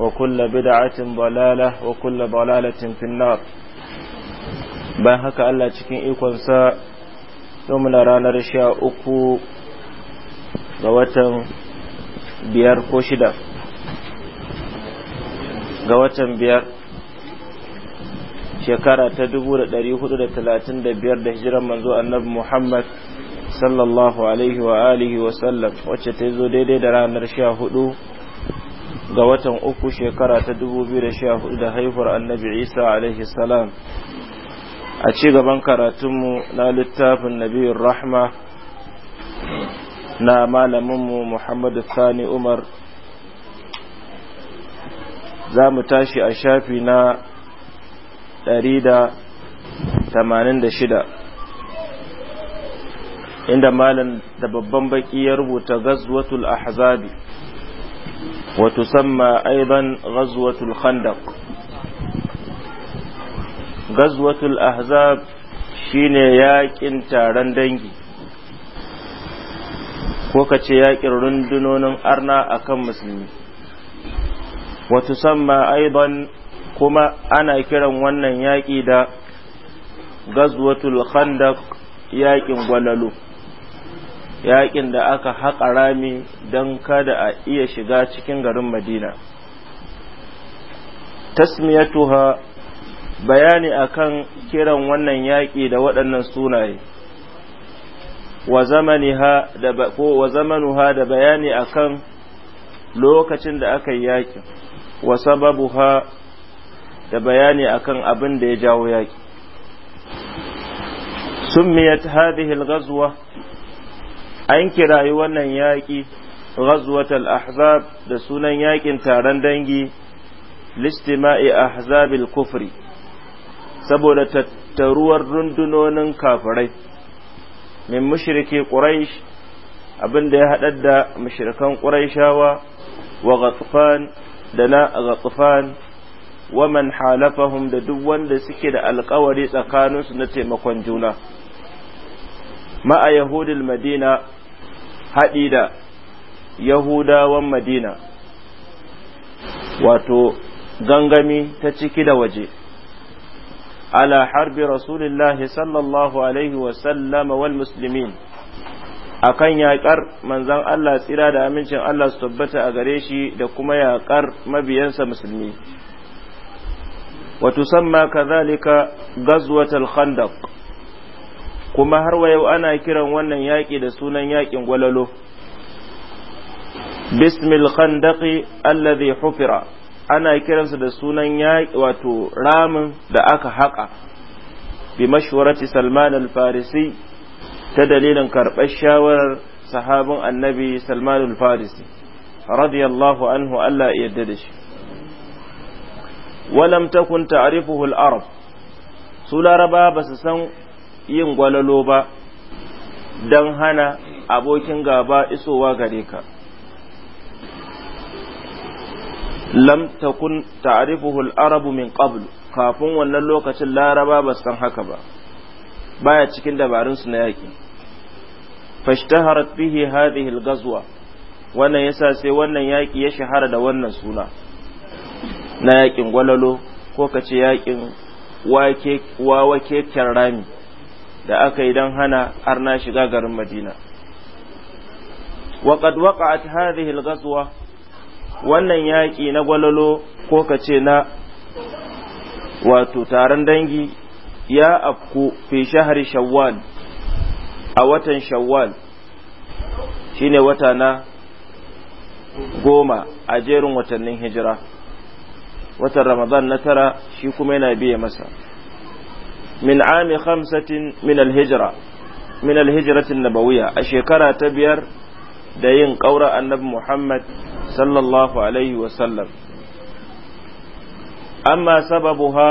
وكل بدعة ضلالة وكل ضلالة في النار بان هكا الله تشكين إيكون سا يوم نرانا رشا أكو غواتن بيار كوشدا غواتن بيار shekara ta 435 da hijiran manzo annabi Muhammad sallallahu alaihi wa alihi wa sallam wacce ta zo daidai da ranar 14 ga watan uku shekara ta 2014 da haifar annabi isa alaihi salam a ci gaban karatunmu na littafin nabiyar rahma na malaminmu muhammadu sani umar za mu tashi a shafi na 186 inda malam da babban baki ya rubuta gazwatul ahzabi وتسمى أيضا غزوة الخندق ahzab الأحزاب shine yaƙin taron dangi ko ka ce yaƙin rundunonin arna akan musulmi wata samma aiban kuma ana kiran wannan yaƙi da gazwatul handak yaƙin gwalalu. yaƙin da aka haƙa rami don kada a iya shiga cikin garin madina tasmiyatuha bayani akan kiran wannan yaƙi da waɗannan sunaye wa zamanuha da bayani akan lokacin da aka yi yaƙin wa sababuha da bayani akan abin da ya jawo yaƙi summiyat hadhihi al an kirayi wannan yaƙi ghazwatal ahzab da sunan yaƙin taron dangi listima'i ahzabil kufri saboda tattaruwar rundunonin kafirai min mushriki quraish abinda ya haɗar da mushrikan quraishawa wa ghatfan da na ghatfan wa man halafahum da duk wanda suke da alƙawari tsakaninsu na taimakon juna ma'a yahudil madina haɗi da yahudawan madina wato gangami ta ciki da waje ala harbi rasulillahi sallallahu alaihi wasallama wal muslimin akan yaƙar manzan Allah tsira da amincin Allah su tabbata a gare shi da kuma yaƙar mabiyansa musulmi wa tusamma kazalika ghazwatul khandaq kuma har wa yau ana kiran wannan yaƙi da sunan yaƙin gwalalo bismil khandaki alladhi hufira ana kiransa da sunan yaƙi wato ramin da aka haƙa bi mashwarati salman al-farisi ta dalilin karɓar shawarar sahabin annabi salman al-farisi radiyallahu anhu Allah yadda yarda da shi Walamtakun takun ta'rifuhu al-arab su laraba ba su san yin gwalalo ba don hana abokin gaba isowa gare ka lam takun ta'rifuhu arabu min qabl kafin wannan lokacin laraba ba san haka ba baya cikin dabarun su na yaki fashtaharat bihi hadhihi al-ghazwa wannan yasa sai wannan yaƙi ya shahara da wannan suna na yaƙin gwalalo ko kace yakin wake wawake rami da aka yi don hana har na shiga garin madina waƙad waƙa har al-ghazwa wannan yaƙi na gwalolo ko ka ce na wato taron dangi ya afku fi shahar shawwal a watan shawwal shine wata na goma a jerin watannin hijira watan ramadan na tara shi kuma yana biya masa min ami khamsatin min alhijra min alhijratin nabawiyya a shekara ta biyar da yin ƙaura annabi Muhammad sallallahu alaihi wasallam amma sababuha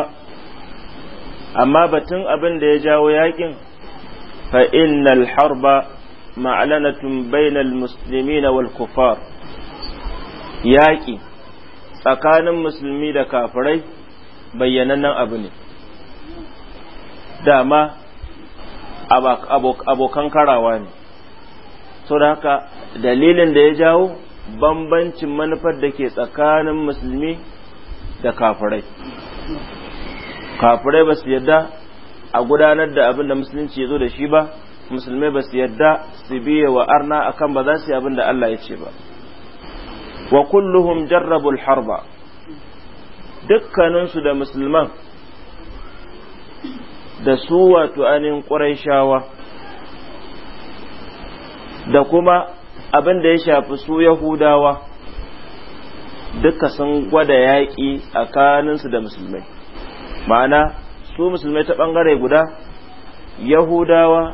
amma batun abin da ya jawo yaƙin. fa innal harba ma'lanatun bainal muslimina wal kufar yaki tsakanin musulmi da kafurai bayyanannen abu ne dama abokan karawa ne so da haka dalilin da ya jawo bambancin manufar da ke tsakanin musulmi da kafirai kafirai ba su yadda a gudanar da abin da musulunci ya zo da shi ba musulmai ba su yadda su biya wa arna akan ba za su yi abin da Allah ya ce ba wa kulluhum jarrabul harba dukkaninsu da musulman da su wato anin ƙuraishawa da kuma abin da ya shafi su yahudawa duka sun gwada yaƙi tsakaninsu da musulmai ma'ana su musulmai ta ɓangare guda yahudawa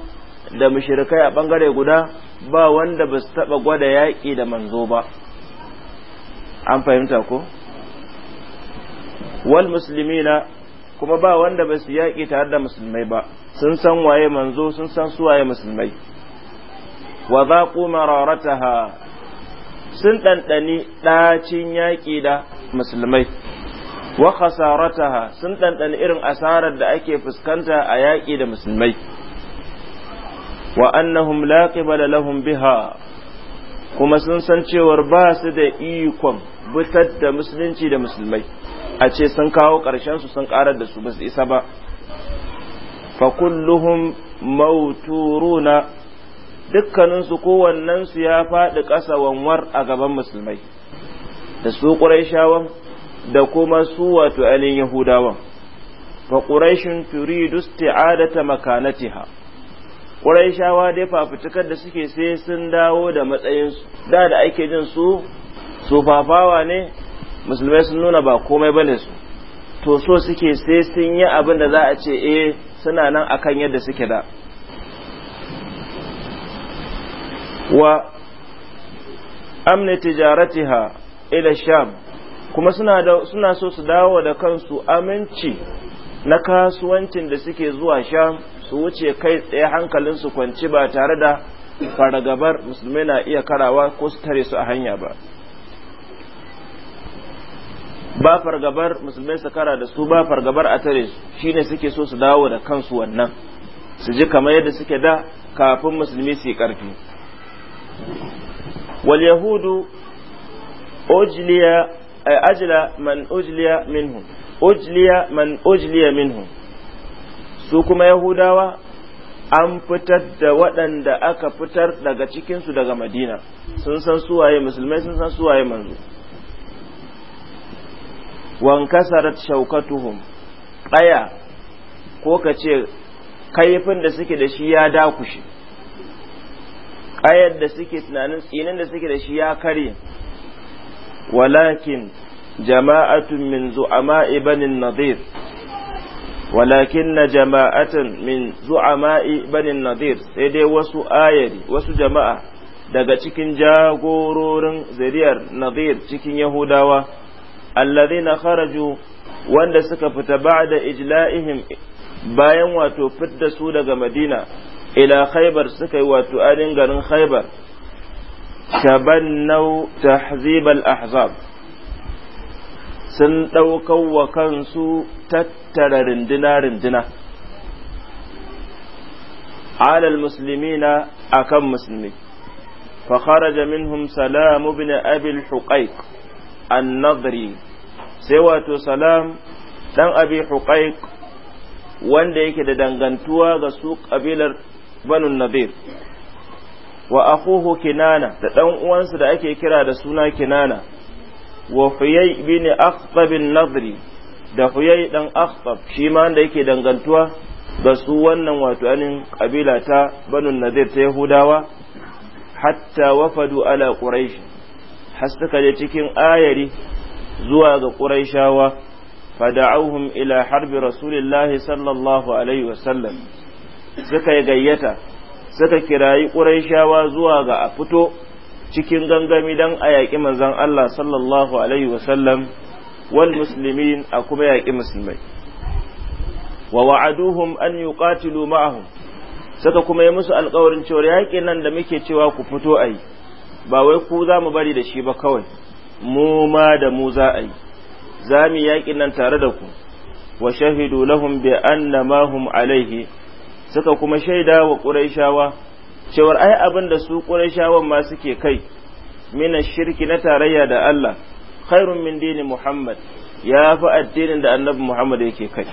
da mushirikai a ɓangare guda ba wanda ba su taɓa gwada yaƙi da manzo ba an fahimta ko wal musulmi na kuma ba wanda ba su yaƙi tare da musulmai ba sun san waye manzo sun san su waye musulmai wa zaqu mararataha sun ɗanɗani ɗacin yaƙi da musulmai wa khasarataha sun ɗanɗani irin asarar da ake fuskanta a yaƙi da musulmai wa annahum laqibala lahum biha kuma sun san cewar ba su da ikon butar da musulunci da musulmai a ce sun kawo ƙarshen su sun ƙarar da su ba isa ba fa kulluhum mauturuna dukkaninsu su ya faɗi ƙasa wanwar a gaban musulmai da su ƙuraishawan da kuma su wato ainihin yahudawan fa ƙuraishin turidu isti'adata makanatiha ƙuraishawa dai fafutukar da suke sai sun dawo da matsayinsu da da ake jin su su fafawa ne musulmai sun nuna ba komai bane su to so suke sai sun yi abin da za a ce eh suna nan akan yadda suke da wa amne tijaratiha ila sham kuma suna suna so su dawo da kansu aminci na kasuwancin da suke zuwa sham su wuce kai tsaye hankalin su kwanci ba tare da fargabar musulmai na iya karawa ko su tare su a hanya ba ba fargabar musulmai su kara da su ba fargabar a tare shi ne suke so su dawo da kansu wannan su ji kamar yadda suke da kafin musulmi su yi karfi wal yahudu ujliya eh, ajla man ujliya minhum ujliya man ujliya minhum su kuma yahudawa an fitar da waɗanda aka fitar daga cikinsu daga madina sun san suwaye musulmai sun san suwaye manzo wankasarat shaukatuhum ƙaya ko ka ce kaifin da suke da shi ya dakushe ƙayar da suke tunanin tsinin da suke da shi ya karye walakin jama'atun min zu'ama banin nadir walakin na jama'atun min zu'ama banin nadir sai dai wasu ayari wasu jama'a daga cikin jagororin zariyar nadir cikin yahudawa allazina kharaju wanda suka fita ba'da ijla'ihim bayan wato fidda su daga madina ila khaibar suka yi wato adin garin khaybar tabannau tahzib ahzab sun ɗaukar wa kansu tattara rindina-rindina alal musulmi na a kan musulmi kharaja minhum salamu bin abil an annadri sai wato salam dan abi huqaiq wanda yake da dangantuwa ga su kabilar banu nadir wa akhuhu kinana da dan uwansa da ake kira da suna kinana wa huyay bin akhtab nadri da huyay dan aqtab shi ma wanda yake dangantuwa ga su wannan wato anin kabila ta banu nadir ta yahudawa hatta wafadu ala quraish hasta kaje cikin ayari zuwa ga ƙuraishawa fada'auhum ila harbi rasulillahi sallallahu alaihi wasallam suka yi gayyata suka kirayi ƙuraishawa zuwa ga a fito cikin gangami don a yaƙi manzan Allah sallallahu alaihi wasallam wal muslimin a kuma yaƙi musulmai wa wa'aduhum an yuqatilu ma'ahum suka kuma yi musu alƙawarin cewa yaƙin nan da muke cewa ku fito a yi ba wai ku za mu bari da shi ba kawai mu ma da mu za a yi za mu yaƙi nan tare da ku wa shahidu lahum bi anna ma hum alaihi suka kuma shaida wa quraishawa cewar ai abin da su quraishawan ma suke kai mina shirki na tarayya da Allah khairun min dini Muhammad ya fi addinin da annabi Muhammad yake kai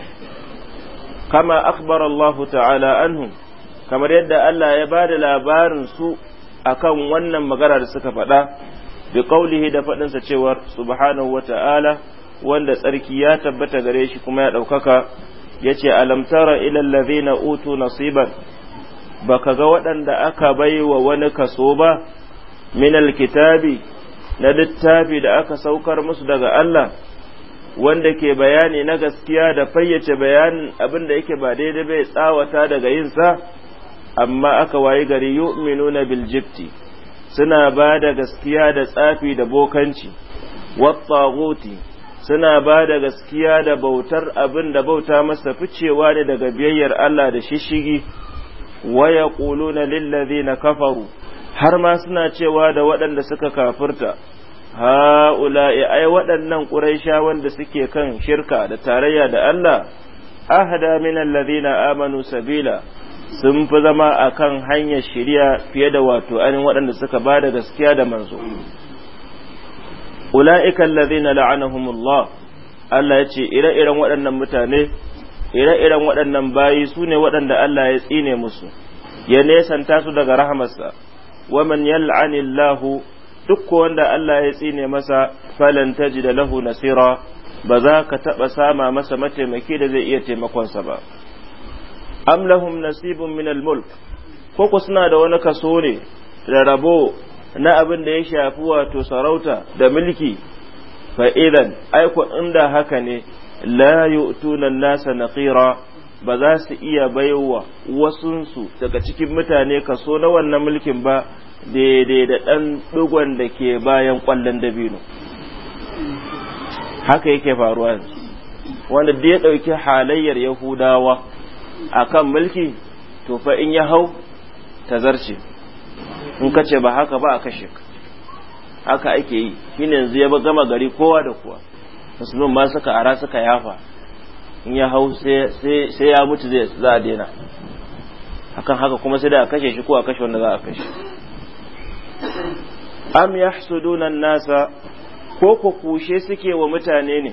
kama akhbara Allah ta'ala anhum kamar yadda Allah ya bada labarin su akan wannan magana da suka faɗa bi qawlihi da faɗinsa cewar subhanahu wata'ala wanda tsarki ya tabbata gare shi kuma ya ɗaukaka yace alam tara ila allazina utu nasiban baka ga waɗanda aka baiwa wani kaso ba min alkitabi na littafi da aka saukar musu daga Allah wanda ke bayani na gaskiya da fayyace bayanin abin da yake ba daidai bai tsawata daga yinsa amma aka wayi gari yu'minuna bil jibti suna ba da gaskiya da tsafi da bokanci wattaguti suna ba da gaskiya da bautar abin da bauta masa ficewa ne daga biyayyar Allah da shishigi waya na lillazi na kafaru har ma suna cewa da waɗanda suka kafirta ha'ula'i ai waɗannan ƙuraisha wanda suke kan shirka da tarayya da Allah ahda min allazina amanu sabila sun fi zama a kan hanyar shirya fiye da wato ainihin waɗanda suka ba da gaskiya da manzo ula'ikan lazina la'anahumullah Allah ya ce ire-iren waɗannan mutane ire-iren waɗannan bayi su ne waɗanda Allah ya tsine musu ya nesanta su daga rahamarsa waman lahu duk wanda Allah ya tsine masa ji da lahu nasira ba za ka taɓa sama masa mataimaki da zai iya taimakonsa ba am lahum nasibun min al-mulk ko ku suna da wani kaso ne da rabo na abin da ya shafi wato sarauta da mulki fa idan ai ku inda haka ne la yu'tuna an-nasa naqira ba za su iya baiwa wasunsu daga cikin mutane kaso na wannan mulkin ba daidai da ɗan ɗugon da ke bayan ƙwallon dabino haka yake faruwa wanda da ya ɗauki halayyar yahudawa akan mulki to fa in ya hau ta zarce in ka ce ba haka ba a kashe ka haka ake yi ne yanzu ya gama gari kowa da kowa musulmin ma suka ara suka yafa in ya hau sai ya mutu zai za a daina akan haka kuma sai da a kashe shi ko a kashe wanda za a kashe am yahsuduna nasa ko ku kushe suke wa mutane ne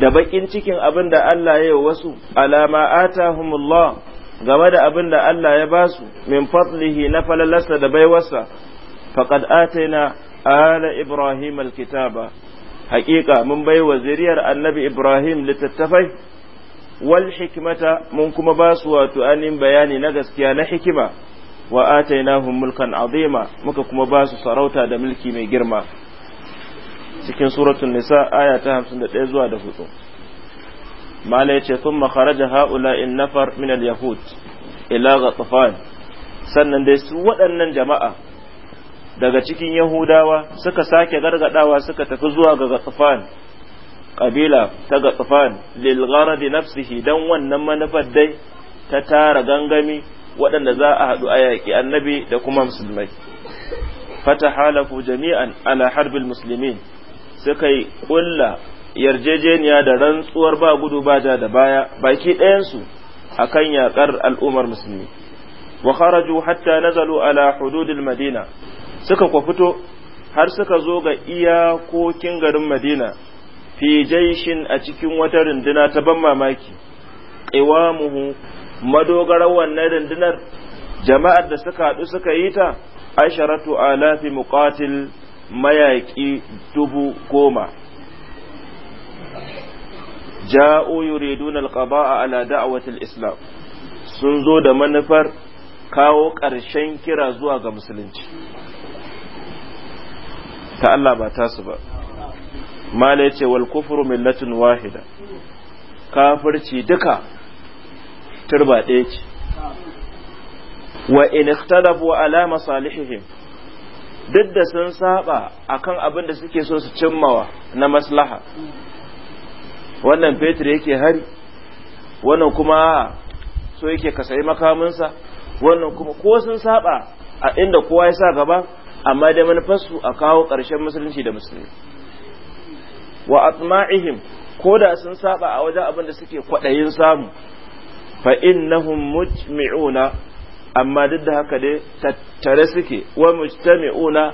da bakin cikin abin da Allah ya yi wasu alama atahumullah game da abin da Allah ya ba su min fadlihi na falalarsa da baiwarsa faqad ataina ala ibrahim alkitaba haƙiƙa mun baiwa zuriyar annabi ibrahim littattafai wal hikmata mun kuma ba su wato anin bayani na gaskiya na hikima wa atainahum mulkan azima muka kuma ba su sarauta da mulki mai girma cikin suratul nisa aya ta 51 zuwa da 4 mala yace thumma kharaja haula in nafar min al yahud ila ghatafan sannan dai su waɗannan jama'a daga cikin yahudawa suka sake gargadawa suka tafi zuwa ga ghatafan kabila ta ghatafan lil gharadi nafsihi dan wannan manufar dai ta tara gangami waɗanda za a haɗu a yaƙi annabi da kuma musulmai fata halafu jami'an ala harbil musulmin suka yi ƙulla yarjejeniya da rantsuwar ba gudu ba ja da baya baki ɗayansu a kan yaƙar al'ummar musulmi wa kharaju hatta nazalu ala hududil madina suka kwa fito har suka zo ga iyakokin garin madina fi jaishin a cikin wata runduna ta ban mamaki qiwamuhu madogarar wannan rundunar jama'ar da suka haɗu suka yi ta asharatu alafi muqatil mayaƙi dubu goma ja'u yuridun a ala islam sun zo da manufar kawo ƙarshen kira zuwa ga musulunci ta Allah ba ta su ba mala ce wal kufru millatun wahida kafirci duka turba ɗaya ce wa in ikhtalafu ala masalihihim duk da sun saba akan abin da suke so su cimmawa na maslaha wannan fetur yake hari wannan kuma so yake ka sayi makaminsa wannan kuma ko sun saba a inda kowa ya sa gaba amma dai manufarsu a kawo ƙarshen musulunci da musulmi wa atma'ihim ko da sun saba a wajen abin da suke kwaɗayin samu fa innahum mujmi'una amma duk da haka dai tattare suke wa mujtami'una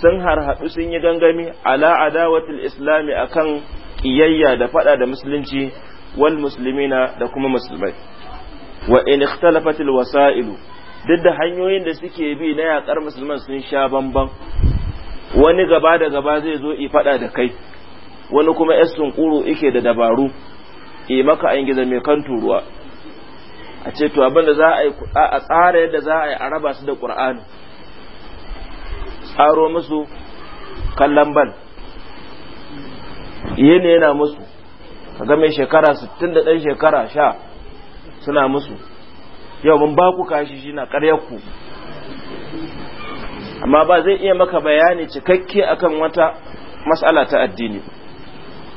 sun harhaɗu sun yi gangami ala adawatul islami akan kiyayya da fada da musulunci wal muslimina da kuma musulmai wa in ikhtalafatil wasa'ilu duk da hanyoyin da suke bi na yakar musulman sun sha bamban wani gaba da gaba zai zo i fada da kai wani kuma yasun kuro ike da dabaru i maka an gizo mai kan turuwa a ce to abinda za a yi a tsara yadda za a yi a raba su da ƙur'ani tsaro musu kallon bal yini yana musu kaga mai shekara 60 da ɗan shekara sha suna musu yau mun ba ku kashi shi na ku amma ba zai iya maka bayani cikakke akan wata mas'ala ta addini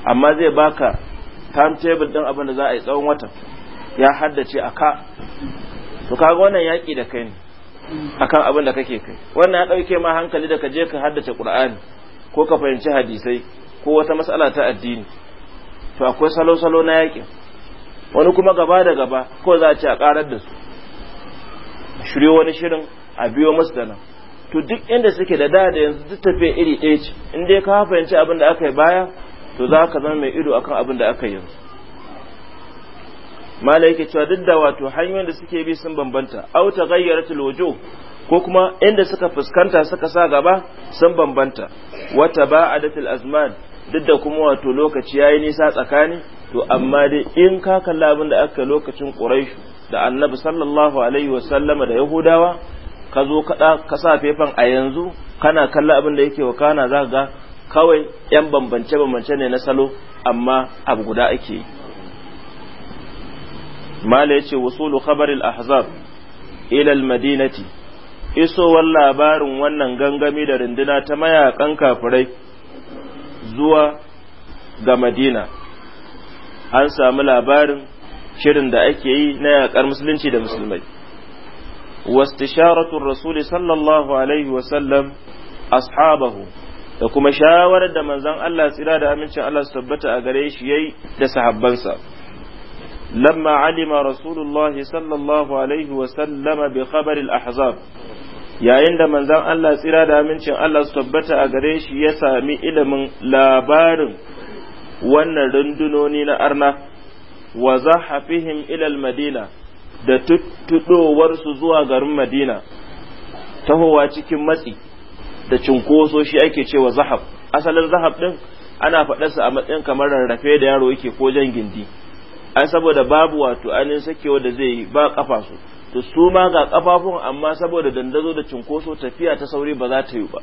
amma zai baka timetable ɗin abin da za a yi tsawon watan ya haddace a ka to kaga wannan yaƙi da kai ne akan abin da kake kai wannan ya ɗauke ma hankali da ka je ka haddace ƙur'ani ko ka fahimci hadisai ko wata matsala ta addini to akwai salo-salo na yaƙin wani kuma gaba da gaba ko za a ce a ƙarar da su a shirya wani shirin a biyo masu da nan to duk inda suke da da da yanzu duk tafiya iri ɗaya ce in dai ka fahimci abin da aka yi baya to za ka zama mai ido akan abin da aka yi yanzu mala yake cewa duk da wato hanyoyin da suke bi sun bambanta au ta gayyaratul wujuh ko kuma inda suka fuskanta suka sa gaba sun bambanta wata taba'adatul azman duk da kuma wato lokaci yayi nisa tsakani to amma dai in ka kalla abin da aka lokacin quraish da annabi sallallahu alaihi wa sallama da yahudawa ka zo ka sa fefan a yanzu kana kalla abin da yake wakana zaka ga kawai yan bambance bambance ne na salo amma abu guda ake yi mala yace wusulu khabaril ahzab ila almadinati isowar labarin wannan gangami da runduna ta mayakan kafirai zuwa ga madina an samu labarin shirin da ake yi na yakar musulunci da musulmai واستشارة الرسول sallallahu alaihi wa sallam ashabahu da kuma shawarar da manzon Allah tsira da amincin Allah su tabbata a gare shi yayi da sahabbansa لما علم رسول الله صلى الله عليه وسلم بخبر yayin da manzan Allah tsira da amincin Allah su tabbata a gare shi ya sami ilimin labarin wannan rundunoni na arna wa zahafihim ilal madina da tuttuɗowarsu zuwa garin madina tahowa cikin matsi da cunkoso shi ake cewa zahab asalin zahab ɗin ana faɗarsa a matsayin kamar rarrafe da yaro yake ko jan gindi ai saboda babu wato anin sakewa da zai yi ba kafa su to su ma ga kafafun amma saboda dandazo da cinkoso tafiya ta sauri ba za ta yi ba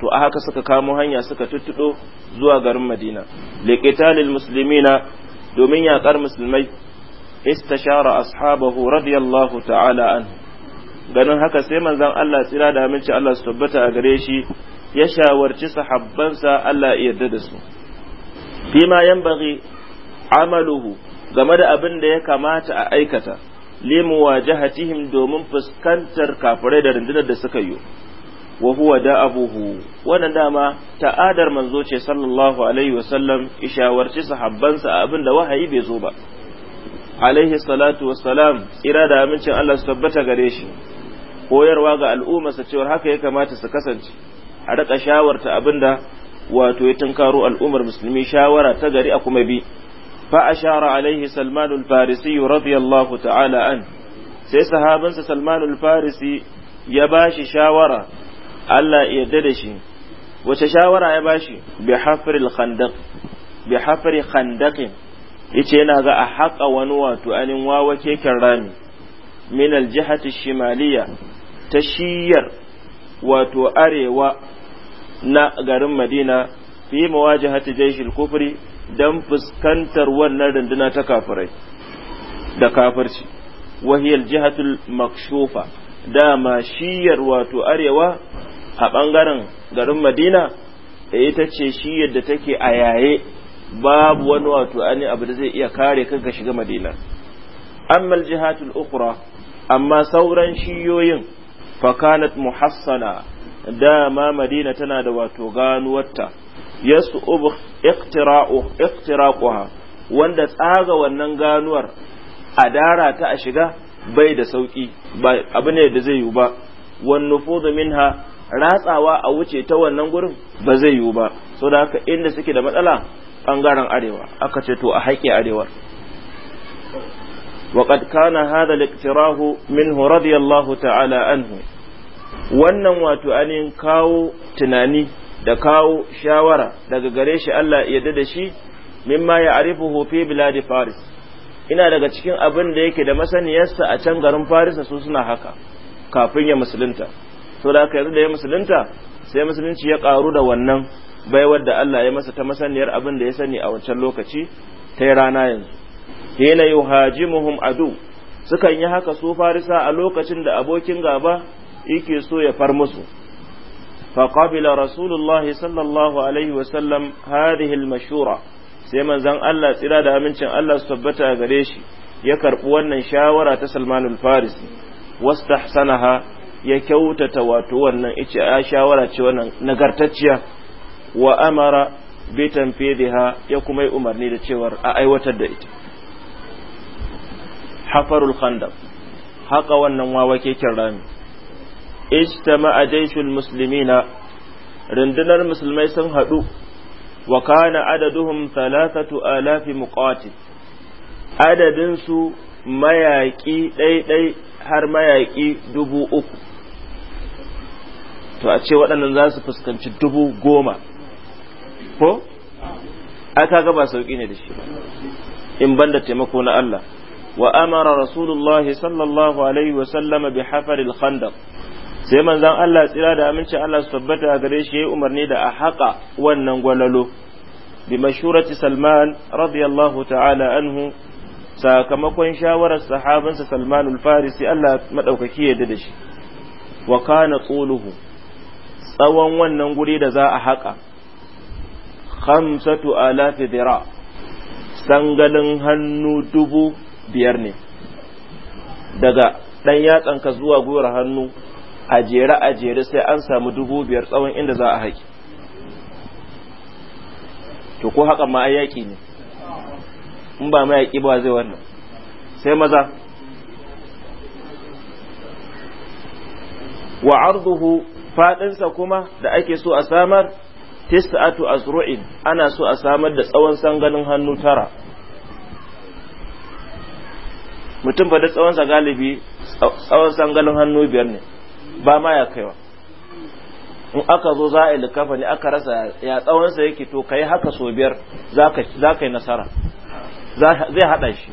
to a haka suka kamo hanya suka tuttudo zuwa garin Madina liqitalil muslimina domin yaƙar musulmai istashara ashabahu radiyallahu ta'ala an ganin haka sai manzon Allah tsira da aminci Allah su tabbata a gare shi ya shawarci sahabbansa Allah ya yarda da su fima yanbaghi amaluhu game da abin da ya kamata a aikata limu wajahatihim domin fuskantar kafirai da rundunar da suka yi wa huwa da abuhu wannan dama ta'adar manzo ce sallallahu alaihi wasallam ishawarci sahabbansa a abin da wahayi bai zo ba alaihi salatu wassalam tsira da amincin Allah su tabbata gare shi koyarwa ga al'ummarsa cewar haka ya kamata su kasance a rika shawarta abin da wato ya tunkaro al'ummar musulmi shawara ta gari a kuma bi فأشار عليه سلمان الفارسي رضي الله تعالى عنه sai sahabansa salmanul farisi ya bashi shawara Allah ya yarda da shi wace shawara ya bashi bi hafril khandaq bi hafri khandaqin yace yana ga a haƙa wani wato anin wawa keken rami min aljihati shimaliya ta shiyar wato arewa na garin madina fi mawajihati jaishil kufri dan fuskantar wannan runduna ta kafirai da kafirci wahiyar jihatul makshufa dama shiyar wato arewa a bangaren garin madina ita ce shiyar da take a yaye babu wani wato ani abu da zai iya kare kanka shiga madina ammal jihatul ukhra amma sauran shiyoyin fakanat muhassana dama madina tana da wato ganuwarta yas'ub iqtiraquha wanda tsaga wannan ganuwar a dara ta a shiga bai da sauki abu ne da zai yiwu ba wan nufudu minha ratsawa a wuce ta wannan gurin ba zai yiwu ba da haka inda suke da matsala bangaren arewa aka ce to a haƙe arewar وقد كان هذا الاقتراه منه minhu radiyallahu ta'ala anhu wannan wato anin kawo tunani da kawo shawara daga gare shi Allah yadda da shi mimma ya arifuhu fi biladi faris ina daga cikin abin da yake da masaniyarsa a can garin faris su suna haka kafin ya musulunta to da aka yanzu da ya musulunta sai musulunci ya karu da wannan baiwar da Allah ya masa ta masaniyar abin da ya sani a wancan lokaci ta rana yanzu hina yuhajimuhum adu sukan yi haka su farisa a lokacin da abokin gaba yake so ya far musu فقبل رسول الله صلى الله عليه وسلم هذه المشورة sai manzon Allah tsira da amincin Allah su tabbata a gare shi ya karɓi wannan shawara ta Salman al-Farisi wastahsanaha ya kyautata wato wannan ice a shawara ce wannan nagartacciya wa amara bi ya kuma yi umarni da cewar a aiwatar da ita hafarul khandaq haka wannan wawa keken rami a jayshul muslimina rundunar musulmai sun haɗu wa kana adaduhum alafi muqatil adadin su mayaƙi ɗaiɗai har mayaki dubu uku to a ce waɗannan za su fuskanci dubu goma ko aka gaba sauƙi ne da shi in da taimako na Allah wa amara rasulullahi sallallahu alaihi wa sallama bi hafaril khandaq sai manzon Allah tsira da aminci Allah su tabbata a gare shi yi umarni da a haƙa wannan gwalalo bi mashurati Salman radiyallahu ta'ala anhu sakamakon shawarar sahabansa Salman al-Farisi Allah madaukaki ya da shi wa kana tsuluhu tsawon wannan guri da za a haƙa khamsatu alafi dira sangalin hannu dubu biyar ne daga ɗan yatsanka zuwa gwiwar hannu a jere a jere sai an samu dubu biyar tsawon inda za a haƙi to ko haka ma yaƙi ne in ba mayaƙi ba zai wannan sai maza wa arduhu faɗinsa kuma da ake so a samar tis'atu azru'in ana so a samar da tsawon sanganin hannu tara mutum ba da tsawonsa galibi tsawon sanganin hannu biyar ne ba ma ya kaiwa in aka zo za a yi likafa ne aka rasa ya tsawonsa yake to kai yi haka so biyar za ka yi nasara zai haɗa shi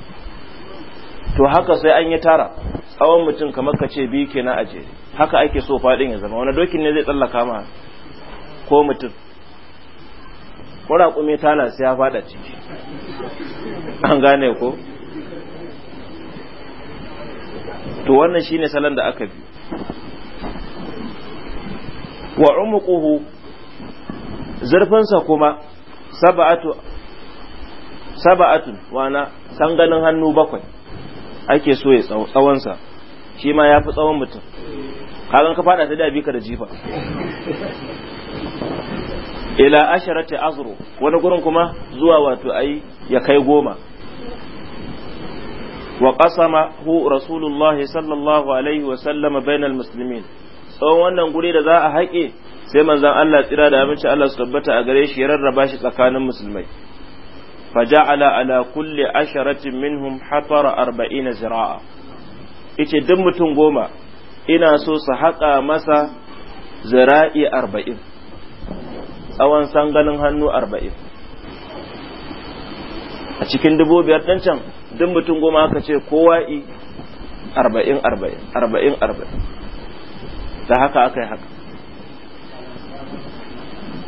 to haka sai an yi tara tsawon mutum kamar ka ce biyu kenan a jere haka ake so faɗin ya zama wani dokin ne zai tsallaka ma ko mutum ko ta tana sai ya faɗa ciki an gane ko to wannan shine salon da aka bi wa umquhu zurfinsa kuma sab'atu sab'atun wana sanganin hannu bakwai ake so ya tsawonsa shi ma ya tsawon mutum kagan ka fada ta dabi ka da jifa ila asharati azru wani gurin kuma zuwa wato ai ya kai goma wa qasama hu rasulullahi sallallahu alaihi wa sallama bainal muslimin tsawon wannan guri da za a haƙe sai manzan Allah tsira da aminci Allah su tabbata a gare shi ya rarraba shi tsakanin musulmai faja'ala ala kulli asharatin minhum hatara arba'ina zira'a yace duk mutum goma ina so su haƙa masa zira'i arba'in tsawon sangalin hannu arba'in a cikin dubu biyar ɗan can duk mutum goma aka ce kowa arba'in arba'in arba'in arba'in da haka aka yi haka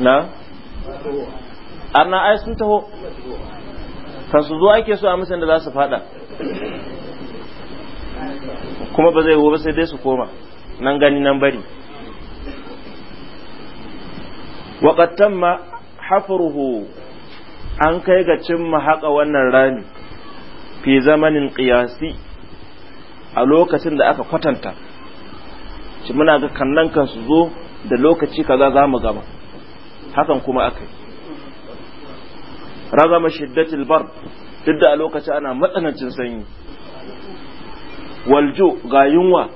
na arna ai sun taho kan su zo ake so a musan da za su fada kuma ba zai ba sai dai su koma nan gani nan bari waƙad tamma hafruhu an kai ga cimma haƙa wannan rami fi zamanin ƙiyasi a lokacin da aka kwatanta ci muna ga kannan kansu zo da lokaci kaza za mu gama hakan kuma aka yi ragama shiddatil bar duk da a lokaci ana matsanancin sanyi waljo ga yunwa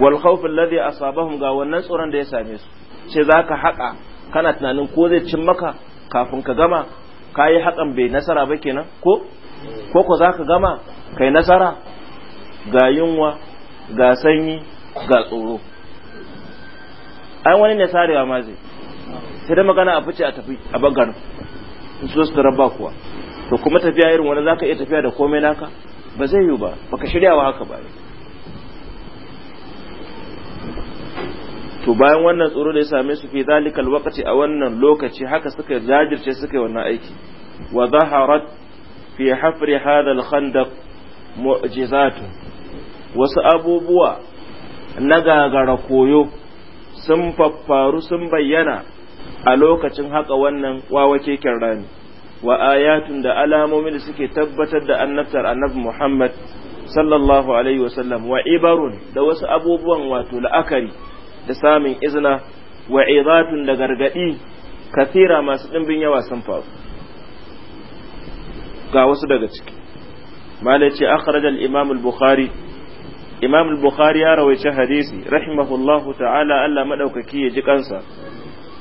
wal khawf alladhi asabahum ga wannan tsoron da ya same su ce zaka haƙa kana tunanin ko zai cin maka kafin ka gama kayi hakan bai nasara ba kenan ko ko ko zaka gama kai nasara ga yunwa ga sanyi ga tsoro ai wani ne sarewa ma zai sai da magana a fice a tafi a bangar in so su rabba kuwa to kuma tafiya irin wani zaka iya tafiya da komai naka ba zai yiwu ba baka shirya wa haka ba to bayan wannan tsoro da ya same su fi zalikal waqti a wannan lokaci haka suka jajirce suka yi wannan aiki wa zaharat fi hafri hadha al-khandaq mu'jizatun wasu abubuwa na gagara koyo sun faffaru sun bayyana a lokacin haka wannan keken rani wa ayatun da alamomi da suke tabbatar da annabtar annabi Muhammad sallallahu alaihi wasallam wa ibarun da wasu abubuwan wato la'akari da samun izina wa izatun da gargadi kafira masu ɗimbin yawa sun faru ga wasu daga ciki mala ce akhraj al-imam bukhari imam al-bukhari ya rawaice hadisi rahimahullahu ta'ala Allah madaukaki ya ji kansa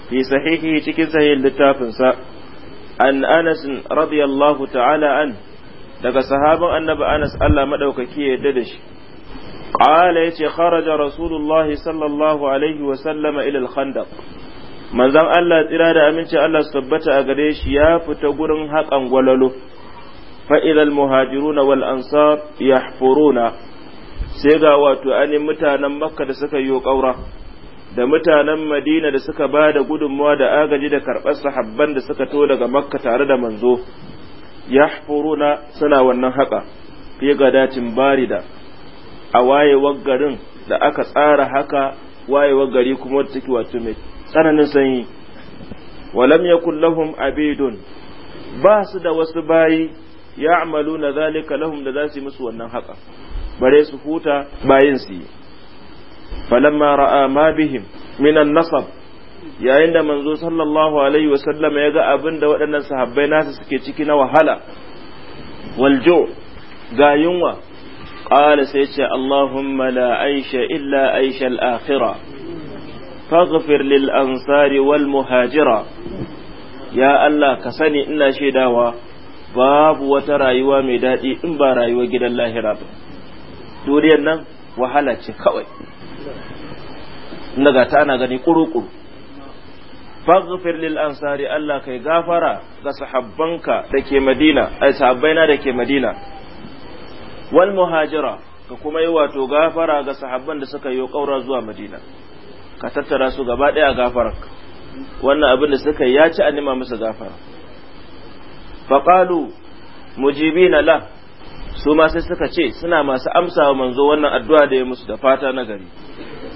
fi sahihi cikin sahihin littafinsa an anas radiyallahu ta'ala an daga sahaban annabi anas Allah madaukaki ya yarda da shi قال yace kharaja رسول sallallahu alaihi wa sallama وسلم إلى manzon Allah tsira da aminci Allah su tabbata a gare shi ya fita gurin hakan gwalalo fa'ilal muhajiruna wal ansar yahfuruna sai ga wato ainihin mutanen makka da suka yi ƙaura da mutanen madina da suka ba da gudunmawa da agaji da karɓar sahabban da suka to daga makka tare da manzo ya suna wannan haka fi bari barida a wayewar garin da aka tsara haka wayewar gari kuma wata ciki wato mai tsananin sanyi walam yakun lahum abidun ba su da wasu bayi ya na zalika lahum da za su yi musu wannan haƙa bare su huta bayin su yi falamma ra'a ma bihim minan nasab yayin da manzo sallallahu alaihi wasallam ya ga abin da waɗannan sahabbai nasa suke ciki na wahala waljo ga yunwa ƙala sai ce Allahumma la aisha illa aisha Akhira, faghfir lil ansari wal muhajira ya Allah ka sani ina shaidawa babu wata rayuwa mai daɗi in ba rayuwar gidan lahira ba duniyar nan wahala ce kawai daga ta ana gani kuru-kuru faghfir lil ansari Allah kai gafara ga sahabbanka da ke Madina ai sahabbaina da ke Madina wal muhajira ka kuma yi wato gafara ga sahabban da suka yi kaura zuwa Madina ka tattara su gaba daya gafara wannan abin da suka yi ya ci nima musu gafara faqalu mujibina la su ma sai suka ce suna masu amsa wa manzo wannan addu'a da ya musu da fata na gari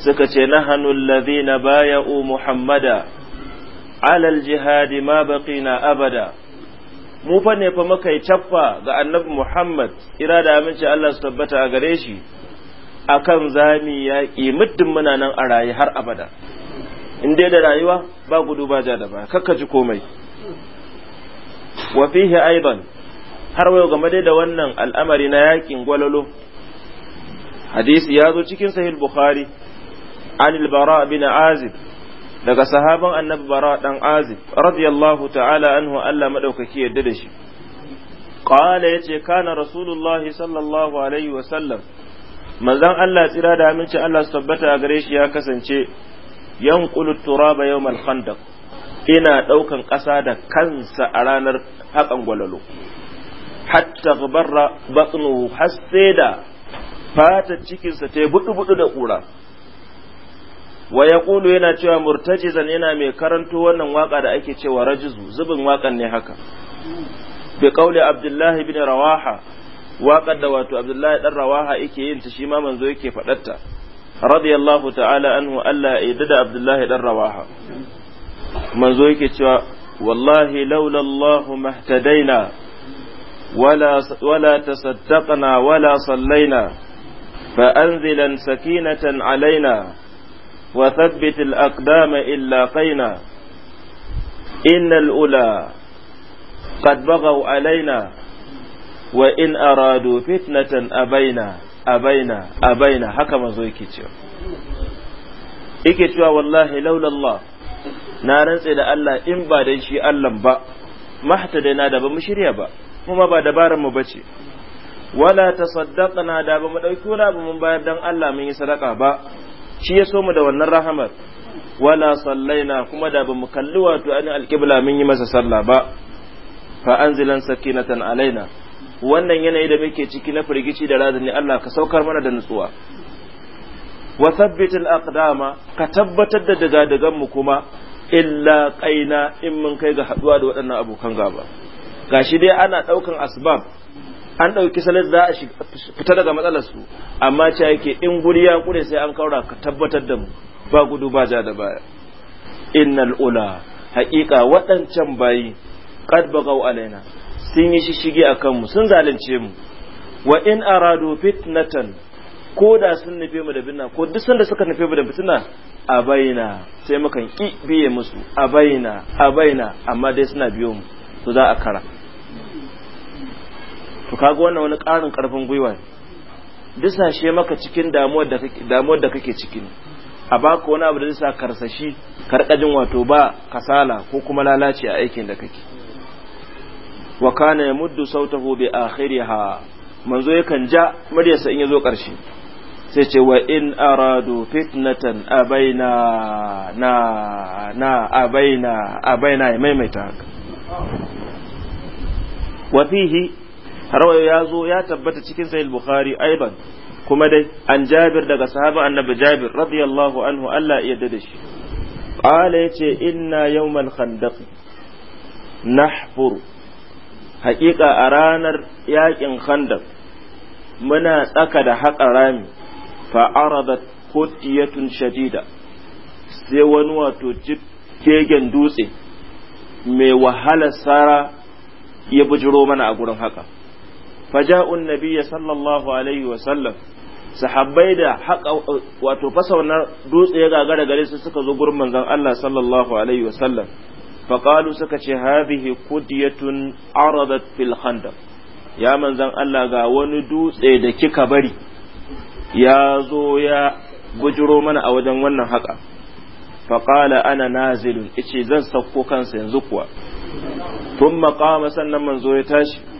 suka ce na nahanu baya baya'u muhammada alal jihadi ma baqina abada mu fa ne fa muka yi ga annabi muhammad ira da aminci Allah su tabbata a gare shi akan zami yaƙi muddin muna nan a rayu har abada in dai da rayuwa ba gudu ba ja da ba kakka ji komai wa fihi aidan har wayo game dai da wannan al'amari na yakin gwalalo hadisi ya zo cikin sahih bukhari anil bara bin azib daga sahaban annabi bara dan azib radiyallahu ta'ala anhu Allah madaukaki yadda da shi qala yace kana rasulullahi sallallahu alaihi wa sallam manzon Allah tsira da aminci Allah su tabbata a gare shi ya kasance yanqulu turaba yawmal khandaq ina daukan ƙasa da kansa a ranar haƙan gwalalo hatta gbarra batnuhu har sai da fatar cikinsa ta buɗu buɗu da ƙura wa ya yana cewa murtajizan yana mai karanto wannan waka da ake cewa rajizu zubin wakan ne haka bi kauli abdullahi bin rawaha waƙar da wato abdullahi dan rawaha yake yin ta shi ma manzo yake faɗarta radiyallahu ta'ala anhu Allah ya yadda da abdullahi dan rawaha manzo yake cewa wallahi laula Allah mahtadaina ولا تصدقنا ولا صلينا فأنزلا سكينة علينا وثبت الأقدام إلا قينا إن الأولى قد بغوا علينا وإن أرادوا فتنة أبينا أبينا أبينا حكم زويكي yake cewa wallahi laulallah na rantse da Allah in ba dan shi Allah ba mahtadaina da ba mu shirya ba kuma ba dabaran mu bace wala tasaddaqna da ba mu dauki wala ba mun bayar dan Allah mun yi sadaka ba shi ya so mu da wannan rahamar wala sallaina kuma da ba mu kalli wato an alqibla mun yi masa sallah ba fa anzilan sakinatan alaina wannan yanayi da muke ciki na firgici da razani Allah ka saukar mana da nutsuwa wa thabbit aqdama ka tabbatar da daga dagan mu kuma illa qaina in mun kai ga haduwa da waɗannan abokan gaba gashi dai ana ɗaukan asbab an ɗauki salat za a fita daga matsalar su amma ce yake in guri ya kure sai an kaura ka tabbatar da mu ba gudu ba ja da baya innal ula haƙiƙa waɗancan bayi qad bagaw alaina sun yi shishige akan mu sun zalunce mu wa in aradu fitnatan ko da sun nufe mu da binna ko duk sanda suka nufe mu da fitina a baina sai mukan ki biye musu a baina a baina amma dai suna biyo mu to za a kara to kaga wannan wani ƙarin ƙarfin gwiwa ne she maka cikin damuwar da kake ciki ne a baka wani abu da zai sa karsashi karkajin wato ba kasala ko kuma lalace a aikin da kake wa kana yamuddu sautahu bi akhiriha manzo yakan ja muryarsa in yazo karshe sai ce wa in aradu fitnatan abaina na na abaina abaina ya maimaita haka wa fihi har ya zo ya tabbata cikin sahih bukhari aiban kuma dai an jabir daga sahaba annabi jabir radiyallahu anhu Allah ya yarda da shi qala yace inna yawmal khandaq nahfur haƙiƙa a ranar yaƙin khandaq muna tsaka da haƙa rami fa aradat kotiyatun shadida sai wani wato kegen dutse mai wahala sara ya bujiro mana a gurin haka faja'un nabiyya sallallahu alaihi wa sallam sahabbai da haka wato fasaunar dutse ya gagara gare su suka zo gurin manzon Allah sallallahu alaihi wa sallam faqalu suka ce hadhihi qudiyatun aradat fil khandaq ya manzon Allah ga wani dutse da kika bari ya zo ya gujiro mana a wajen wannan haƙa faqala ana nazilun ice zan sauko kansa yanzu kuwa tun maƙama sannan manzo ya tashi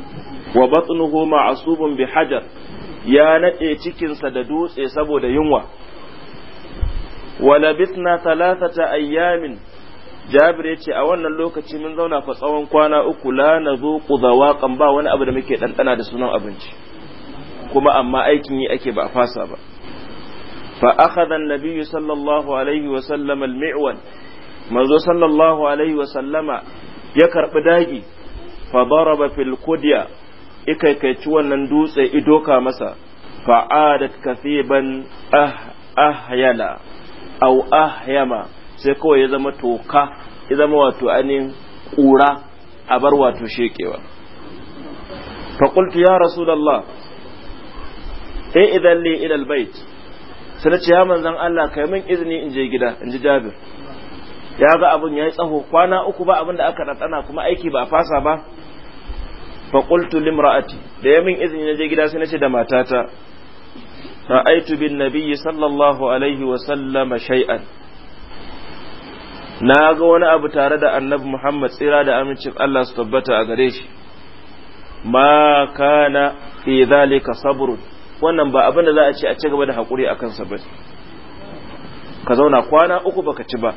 wa batnuhu ma'asubun bi hajar ya nade cikinsa da dutse saboda yunwa wa labithna thalathata ayyamin Jabir ya ce a wannan lokaci mun zauna fa tsawon kwana uku la na zo ƙuzawaƙan ba wani abu da muke ɗanɗana da sunan abinci kuma amma aikin yi ake ba a fasa ba fa akhadha an sallallahu alaihi wa sallam al-mi'wan manzo sallallahu alaihi wa sallama ya karbi dagi fa daraba fil qudya ikaikaici wannan dutse ka masa fa'adat kasiban ah, ahyala au ahyama sai kawai ya zama toka ya zama wato anin ƙura a bar wato shekewa qultu ya rasulallah sai eh, idan li ila bait sai na ce ya manzan Allah kai min izini in je gida in ji jabir ya ga abin ya tsaho kwana uku ba abin da aka ɗanɗana kuma aiki ba a fasa ba fa qultu limra'ati da ya min izini na je gida sai na ce da matata ra'aitu bin nabiyyi sallallahu alaihi wa sallama shay'an na ga wani abu tare da annabi Muhammad tsira da amincin Allah su tabbata a gare shi ma kana fi zalika sabrun wannan ba abin da za a ce a ci gaba da hakuri akan sa ba ka zauna kwana uku baka ci ba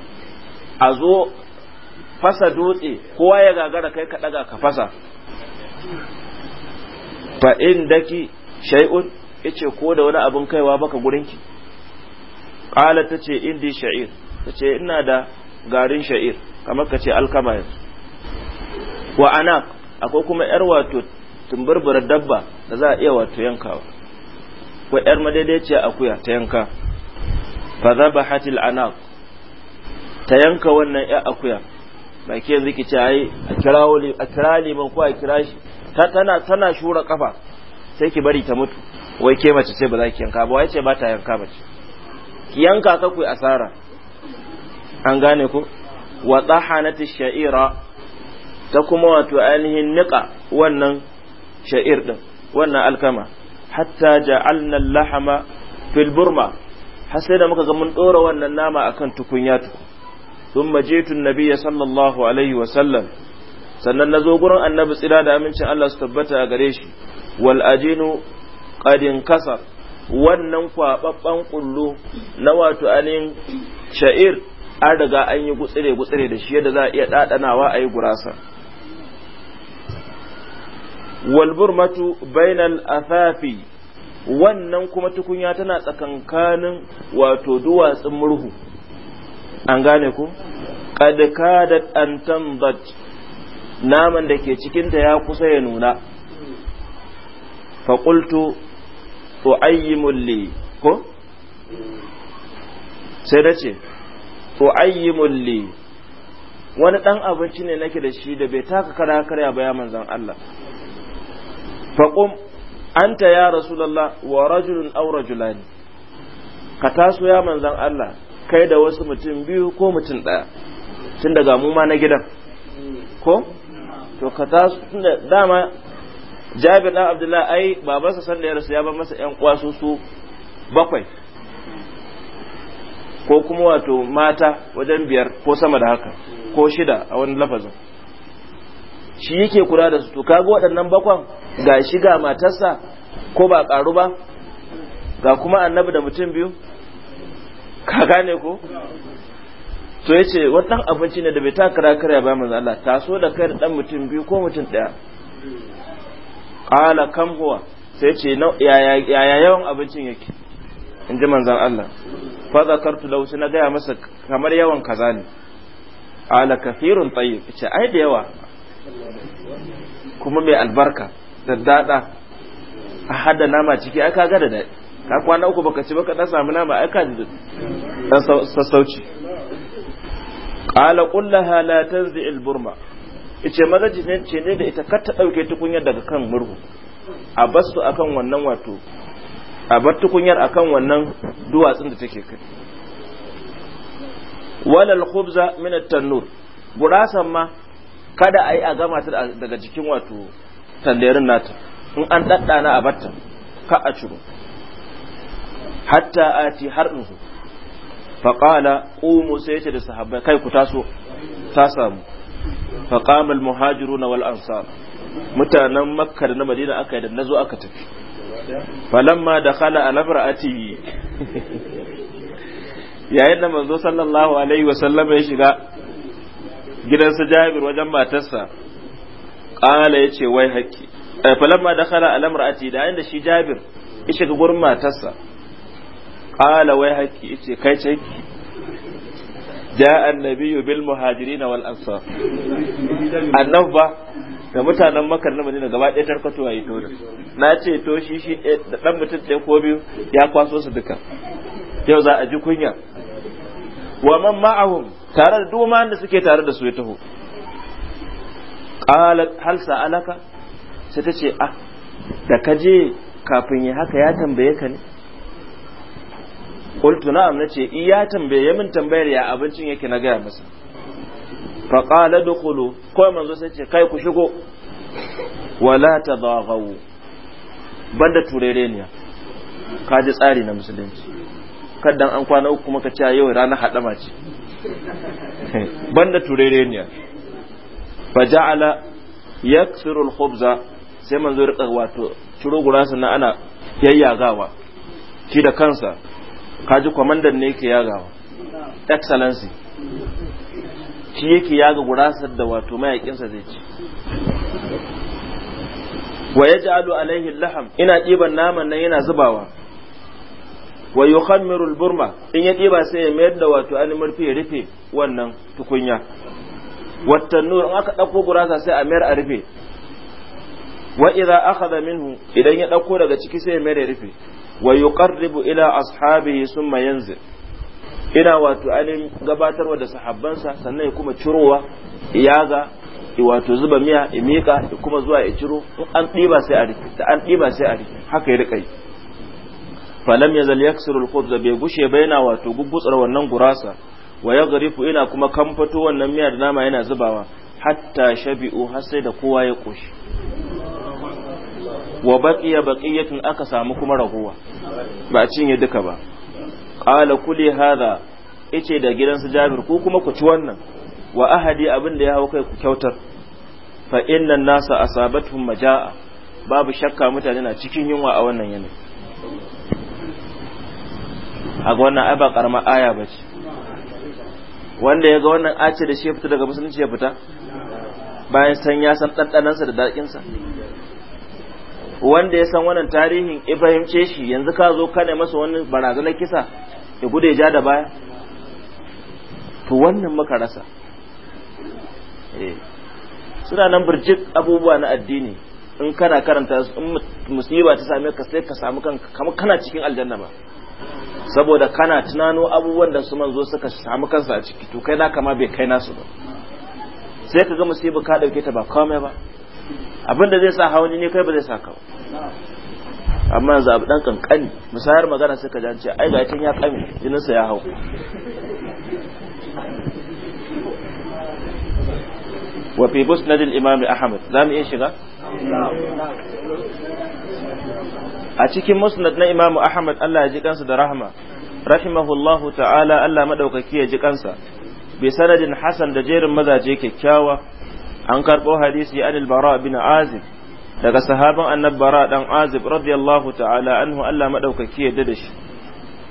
a zo fasa dutse kowa ya gagara kai ka daga ka fasa fa in daki shay'un yace ko da wani abin kaiwa baka gurinki qala tace indi sha'ir tace ina da garin sha'ir kamar kace alkama yanzu wa anak akwai kuma yar wato tumburbura dabba da za a iya wato yankawa ko yar madaidaiciya akuya ta yanka fa zabahatil anak ta yanka wannan ya akuya ba ke ziki ce ai a kira liman ko a kira shi tana tana shura kafa sai ki bari ta mutu wai ke mace sai ba za ki yanka ba wai ce ba ta yanka mace ki yanka ka ku asara an gane ko wa tahanat sha'ira ta kuma wato ainihin niƙa wannan sha'ir din wannan alkama hatta ja'alna al-lahama fil burma har sai da muka ga mun dora wannan nama akan tukunya tukun ثم جئت النبي صلى الله عليه وسلم sannan na zo gurin annabi tsira da amincin Allah su tabbata a gare shi wal ajinu qadin kasar wannan kwababban kullu na wato anin sha'ir an riga an yi gutsire gutsire da shi yadda za a iya dadanawa a yi gurasa wal burmatu bainal athafi wannan kuma tukunya tana tsakankanin wato duwatsun murhu an gane ku kad kadat an tanbat naman da ke cikinta ya kusa ya nuna faƙultu li ko sai da ce li wani ɗan abinci ne nake da shi da bai taka kara karya ba ya manzan Allah faƙum anta ya rasulallah wa rajulun aw rajulani ka taso ya manzan Allah kai da wasu mutum biyu ko mutum ɗaya tun daga mu ma na gidan ko to ka tunda dama jabir dan abdullahi ai babansa san da ya rasu ya ba masa yan kwaso su bakwai ko kuma wato mata wajen biyar ko sama da haka ko shida a wani lafazin shi yake kula da su to kaga waɗannan bakwan ga shi ga matarsa ko ba karu ba ga kuma annabi da mutum biyu ka gane ko to ya ce wannan abinci ne da bai takara karya ba manzo Allah taso da kai da dan mutum biyu ko mutum daya qala kam huwa sai ce yaya yawan abincin yake in ji manzon Allah fa zakartu lahu na gaya masa kamar yawan kaza ne qala kathirun tayyib ce ai da yawa kuma mai albarka da dada a hada nama ciki ai kaga da dadi ka kwana uku baka ci baka dan samu nama ai ka ji sassauci qala qul laha la tanzi al burma ice maza ce ne da ita kar ta dauke tukunyar daga kan murhu a bastu akan wannan wato a bar tukunyar akan wannan duwatsun da take kai walal khubza min at-tannur gurasan ma kada a yi a gama ta daga jikin wato tallerin nata in an daddana a batta ka a ciro hatta ati har in zo faƙala ƙumu sai ce da sahabbai kai ku taso ta samu faƙamal muhajiru na wal'ansa. mutanen makka da na madina aka yi da nazo aka tafi falamma da kala a nabra'ati yayin da manzo sallallahu alaihi wa sallama ya shiga gidansa jabir wajen matarsa ƙala ya ce wai haƙƙi eh, falamma da kala a nabra'ati da yayin da shi jabir ya shiga gurin matarsa قال wai haki yace kai ce ki ja annabi bil muhajirin ba da mutanen makar na madina gaba ɗaya tarkato yi to na ce to shi shi eh, da ɗan mutum ɗaya ko biyu ya kwaso su duka yau za a ji kunya wa man ma'ahum tare da duma da suke tare da su ya taho qalat hal sa'alaka sai ta ce ah da ka je kafin ya haka ya tambaye ka ne qultu na'am nace iya tambaye min tambayar ya abincin yake na gaya masa fa qala dukhulu ko manzo sai ce kai ku shigo wala tadaghaw banda ka kaji tsari na musulunci kaddan an kwana uku kuma ka ce yau rana hadama ce banda ne fa ja'ala yaksiru al-khubza sai manzo rika wato turo gurasa na ana yayyagawa shi da kansa kaji kwamandan ne yake wa? excellency shi yake yaga gurasar da wato mayakinsa zai ci wa ya ji alu alaihi laham ina ɗiban naman nan yana zubawa wa yukhammiru burma in ya ɗiba sai ya mayar da wato an murfi rufe wannan tukunya wata nur in aka ɗauko gurasa sai a mayar a rufe wa idza akhadha minhu idan ya ɗauko daga ciki sai ya mayar ya rufe wa yuqarribu ila ashabihi summa yanzil ina wato alin gabatarwa da sahabbansa sannan ya kuma cirowa yaga wato zuba miya ya ya kuma zuwa ya ciro an ɗiba sai a rufe da an ɗiba sai a rufe haka ya riƙa yi falam ya zal yaksirul bai gushe ba yana wato gubbutsar wannan gurasa wa ya ina kuma kamfato wannan miyar nama yana zubawa hatta shabi'u har sai da kowa ya koshi. wa baqiya baqiyatun aka samu kuma raguwa ba a cinye duka ba qala kuli hadha ice da gidan su Jabir ko kuma ku ci wannan wa ahadi abin da ya hau kai ku kyautar fa innan nasa asabatuhum majaa babu shakka mutane na cikin yunwa a wannan yanayi a wannan ai ba karama aya bace wanda ya ga wannan ce da shi ya fita daga musulunci ya fita bayan san ya san ɗanɗanansa da daƙinsa wanda ya san wannan tarihin ya fahimce shi yanzu ka zo kane masa wani barazanar kisa ya gude ja da baya to wannan muka rasa eh. suna nan birjik abubuwa na addini in kana karanta in musiba ta same ka sai ka samu kanka kamar kana cikin aljanna ba saboda kana tunano abubuwan da su manzo suka samu kansa a ciki to kai na kama bai kai nasu ba sai ka ga musiba ka dauke ta ba komai ba abin da zai sa hawan jini kai ba zai sa ka ba amma yanzu abu dan kankani musayar magana sai ka jance ai ga ya kame jininsa ya hau wa fi musnad al-imam ahmad zamu iya shiga a cikin musnad na imam ahmad Allah ya ji kansa da rahma rahimahullahu ta'ala Allah madaukaki ya ji kansa bi sanadin hasan da jerin mazaje kyakkyawa an karɓo hadisi an bara bin azib daga sahaban annab bara dan azib radiyallahu ta'ala anhu Allah madaukaki ya da shi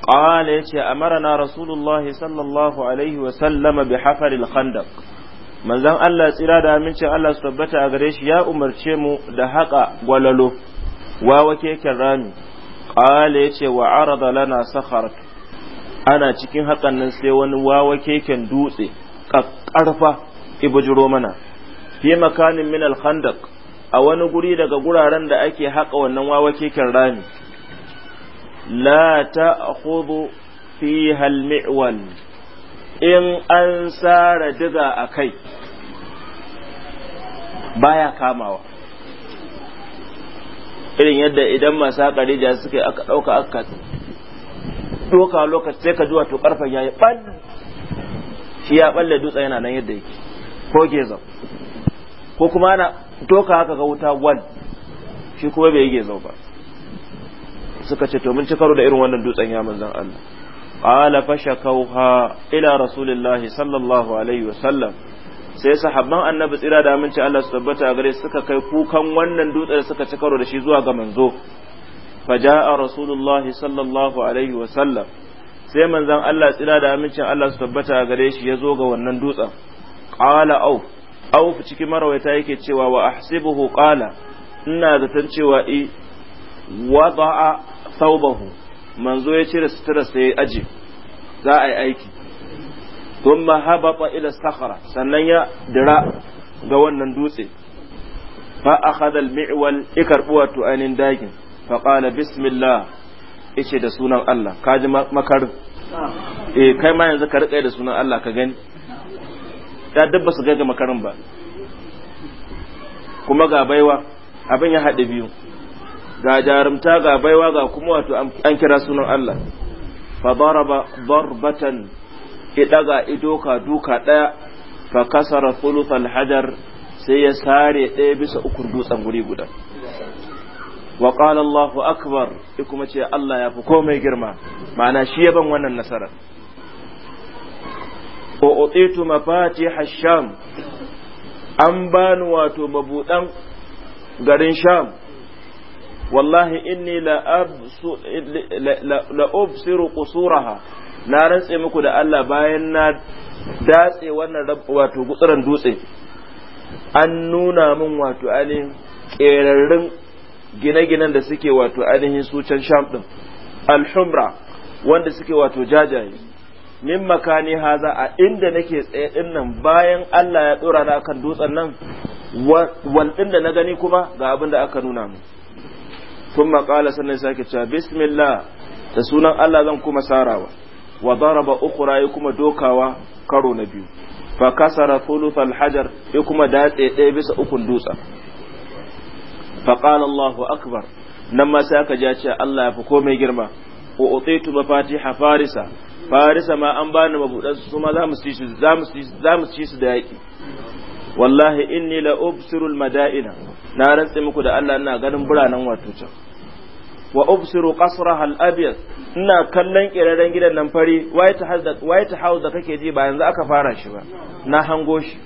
qala yace amarna rasulullah sallallahu alaihi wa sallama bi hafaril khandaq manzon Allah tsira da amincin Allah su tabbata a gare shi ya umarce mu da haƙa gwalalo wawa keken rami qala yace wa arada lana sakharat ana cikin haƙan nan sai wani wawa keken dutse ƙarfa ibujiro mana fi makanin min al-khandaq a wani guri daga guraren da ake haƙa wannan wawa keken rami la ta'khudhu fiha al-mi'wal in an sara diga akai baya kamawa irin yadda idan masu haƙa da suka aka ɗauka aka doka lokaci sai ka ji wato karfen yayi ban shi ya balle dutsen yana nan yadda yake ko ke zan ko kuma ana doka haka ga wuta wal shi kuma bai yage zau ba suka ce to mun ci karo da irin wannan dutsen ya manzan Allah qala fashakauha ila rasulillahi sallallahu alaihi wasallam sai sahabban annabi tsira da aminci Allah su tabbata a gare suka kai kukan wannan dutsen da suka ci karo da shi zuwa ga manzo faja'a rasulullahi sallallahu alaihi wa sallam sai manzon Allah tsira da amincin Allah su tabbata a gare shi ya zo ga wannan dutsen qala au ciki cikin marawaita yake cewa wa ahsibuhu qala ina zaton cewa i wada'a thawbahu manzo ya cire sutura sai aje za a yi aiki thumma habata ila sakhara sannan ya dira ga wannan dutse fa akhadha al-mi'wal ikarbu wato ainin dagin fa qala bismillah ice da sunan Allah kaji makar eh kai ma yanzu ka rika da sunan Allah ka gani ya dabba su gaggama karin ba kuma ga baiwa abin ya haɗe biyu ga jarumta ga baiwa ga kuma wato an kira sunan Allah fa daraba darbatan ido ka duka daya fa kasara thuluthal hajar sai ya sare daya bisa uku dutsen guri guda wa qala Allahu akbar kuma ce Allah ya fi komai girma ma'ana shi ya ban wannan nasarar wa utitu mafatiha sham an bani wato mabudan garin sham wallahi inni la absiru qusuraha na rantse muku da Allah bayan na datse wannan wato gutsuran dutse an nuna min wato alin kerarrun gine-ginen da suke wato ainihin su can sham din alhumra wanda suke wato jajaye min makani haza a inda nake tsaye din nan bayan Allah ya dora na akan dutsen nan wal din da na gani kuma ga abin da aka nuna mu kun maƙala sannan sake cewa bismillah da sunan Allah zan kuma sarawa wa daraba ukhra ya kuma dokawa karo na biyu fa kasara thuluthal hajar ya kuma datse ɗaya bisa ukun dutsa. fa qala Allahu akbar nan ma sai aka ji Allah ya fi komai girma wa utaitu mafatiha farisa farisa ma an bani mabudan su ma za mu ci su da yaki wallahi inni la ubsirul madaina na rantsi muku da Allah ina ganin buranan wato can wa ubsiru qasraha al-abyad ina kallon kiraren gidan nan fari white house white house da kake ji ba yanzu aka fara shi ba na hango shi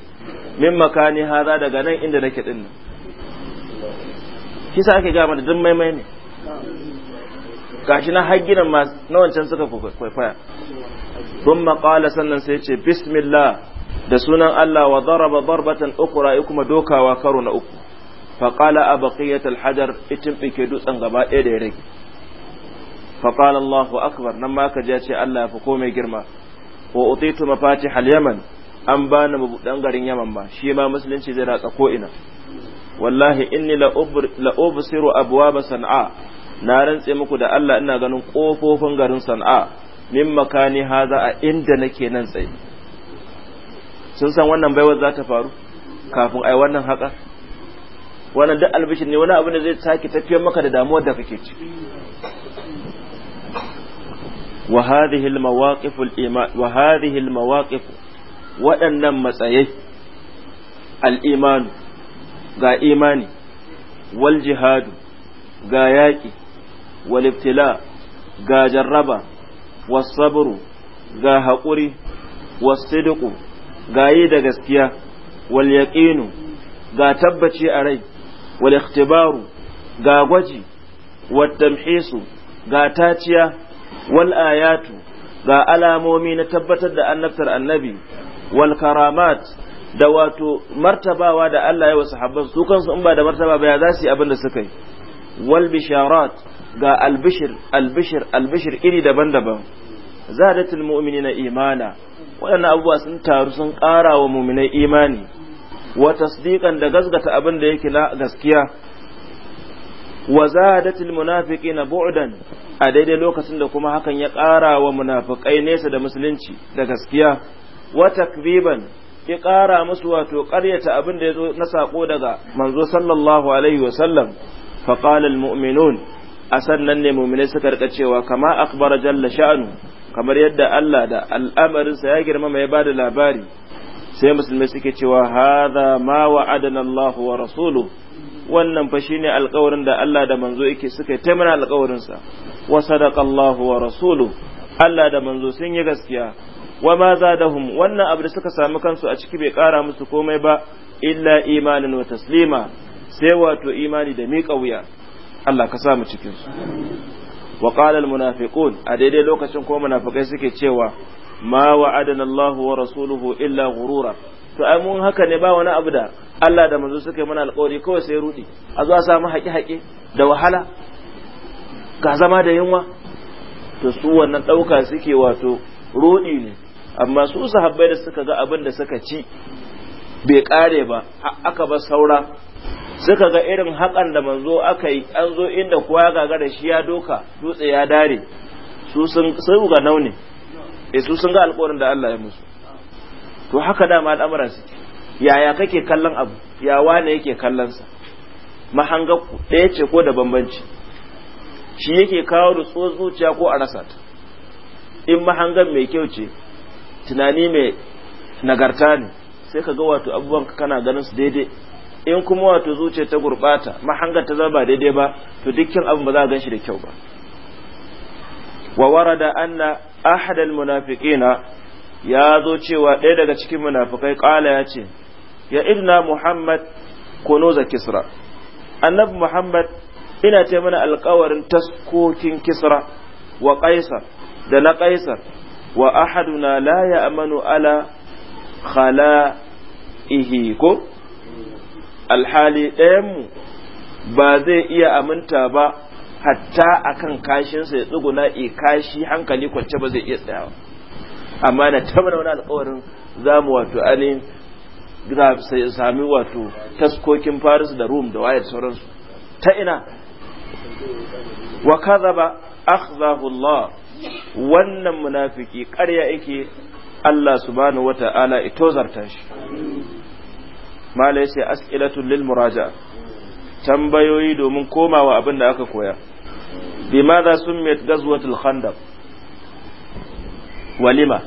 min makani hada daga nan inda nake din nan kisa ake ga mana dun maimai ne gashi na hagginan ma na wancan suka kwaikwaya sun maƙala sannan sai ce bismillah da sunan Allah wa zaraba barbatan uku ya kuma dokawa karo na uku faƙala a baƙiyyat alhajar itin ɓike dutsen gaba ɗaya da ya rage faƙala Allahu akbar nan ma ka ce Allah ya fi komai girma wa utitu mafati yaman an bani mabuɗan garin yaman ma shi ma musulunci zai ratsa ko ina wallahi inni la ubsiru abwaba san'a na rantse muku da Allah ina ganin kofofin garin Sana'a min makani haza a inda nake nan tsaye sun san wannan baiwar za ta faru kafin ai wannan haka wannan duk albishin ne wani abu da zai sake tafiyar maka da damuwar da kake ciki wa hadhihi al mawaqif waɗannan matsayai al iman ga imani wal jihadu ga yaƙi walibtila ga jarraba wasabru ga haƙuri wasidiku ga yi da gaskiya wal yaƙinu ga tabbaci a rai wal ikhtibaru ga gwaji wat tamhisu ga taciya wal ayatu ga alamomi na tabbatar da annabtar annabi wal karamat da wato martabawa da Allah ya wasu habban su in ba da martaba baya ya za su yi abin da suka yi wal bisharat ga albishir albishir albishir iri daban-daban zadatul mu'minina imana waɗannan abubuwa sun taru sun ƙara wa mu'minai imani wa tasdiqan da gasgata abin da yake na gaskiya wa zadatul munafiqina bu'dan a daidai lokacin da kuma hakan ya ƙara wa munafiqai nesa da musulunci da gaskiya wa takbiban. ya ƙara musu wato ƙaryata abin da ya zo na saƙo daga manzo sallallahu alaihi wa sallam faqala almu'minun a sannan ne muminai suka rika cewa kama akbara jalla sha'anu kamar yadda Allah da al'amarinsa ya girmama ya bada labari sai musulmai suke cewa hadha ma wa'adana Allah wa rasuluhu wannan fa shine alƙawarin da Allah da manzo yake suka ta mana alƙawarin sa wa sadaqallahu wa rasuluhu Allah da manzo sun yi gaskiya wa ma zadahum wannan abu da suka samu kansu a ciki bai ƙara musu komai ba illa imanin wa taslima sai wato imani da miƙa wuya Allah ka sa mu cikin su wa qala munafiqun a daidai lokacin ko munafikai suke cewa ma wa'adana Allah wa rasuluhu illa ghurura to ai mun haka ne ba wani abu da Allah da manzo suke mana alƙawari kawai sai rudi a zo a samu haƙe-haƙe da wahala ga zama da yunwa to su wannan ɗauka suke wato rudi ne amma su sahabbai da suka ga abin da suka ci bai kare ba aka ba saura suka ga irin haƙan da manzo aka yi an zo inda kuwa ya gaga da shi ya doka dutse ya dare su sun ga naune e eh, su sun ga alƙawarin da Allah ya musu to haka da dama al'amuran su yaya kake kallon abu ya wane yake kallon sa mahanga ɗaya ce ko da bambanci shi yake kawo rutsuwar zuciya ko a rasa ta in mahangan mai kyau ce tunani mai nagarta ne sai ka ga wato abubuwan kana ganin su daidai in kuma wato zuciya ta gurbata mahangar ta zama daidai ba to dukkan abin ba za a ganshi da kyau ba wa warada anna ahadal munafiqina ya zo cewa ɗaya daga cikin munafikai ƙala ya ce ya idna muhammad kunuza kisra annabi muhammad ina ce mana alƙawarin taskokin kisra wa qaisar da na qaisar wa ahaduna la ya amanu ala khala'ihi ko alhali ɗayan mu ba zai iya aminta ba hatta akan kashinsa ya tsuguna e kashi hankali kwance ba zai iya tsayawa amma na tabbata wani alkawarin za mu wato sami wato taskokin faris da rum da wayar sauransu ta ina wa ba akhzahu Allah wannan munafiki ƙarya yake Allah subhanahu wata'ala ito malai sai as'ilatul lil muraja tambayoyi domin komawa abin da aka koya za sun mai ghazwatul khandaq walima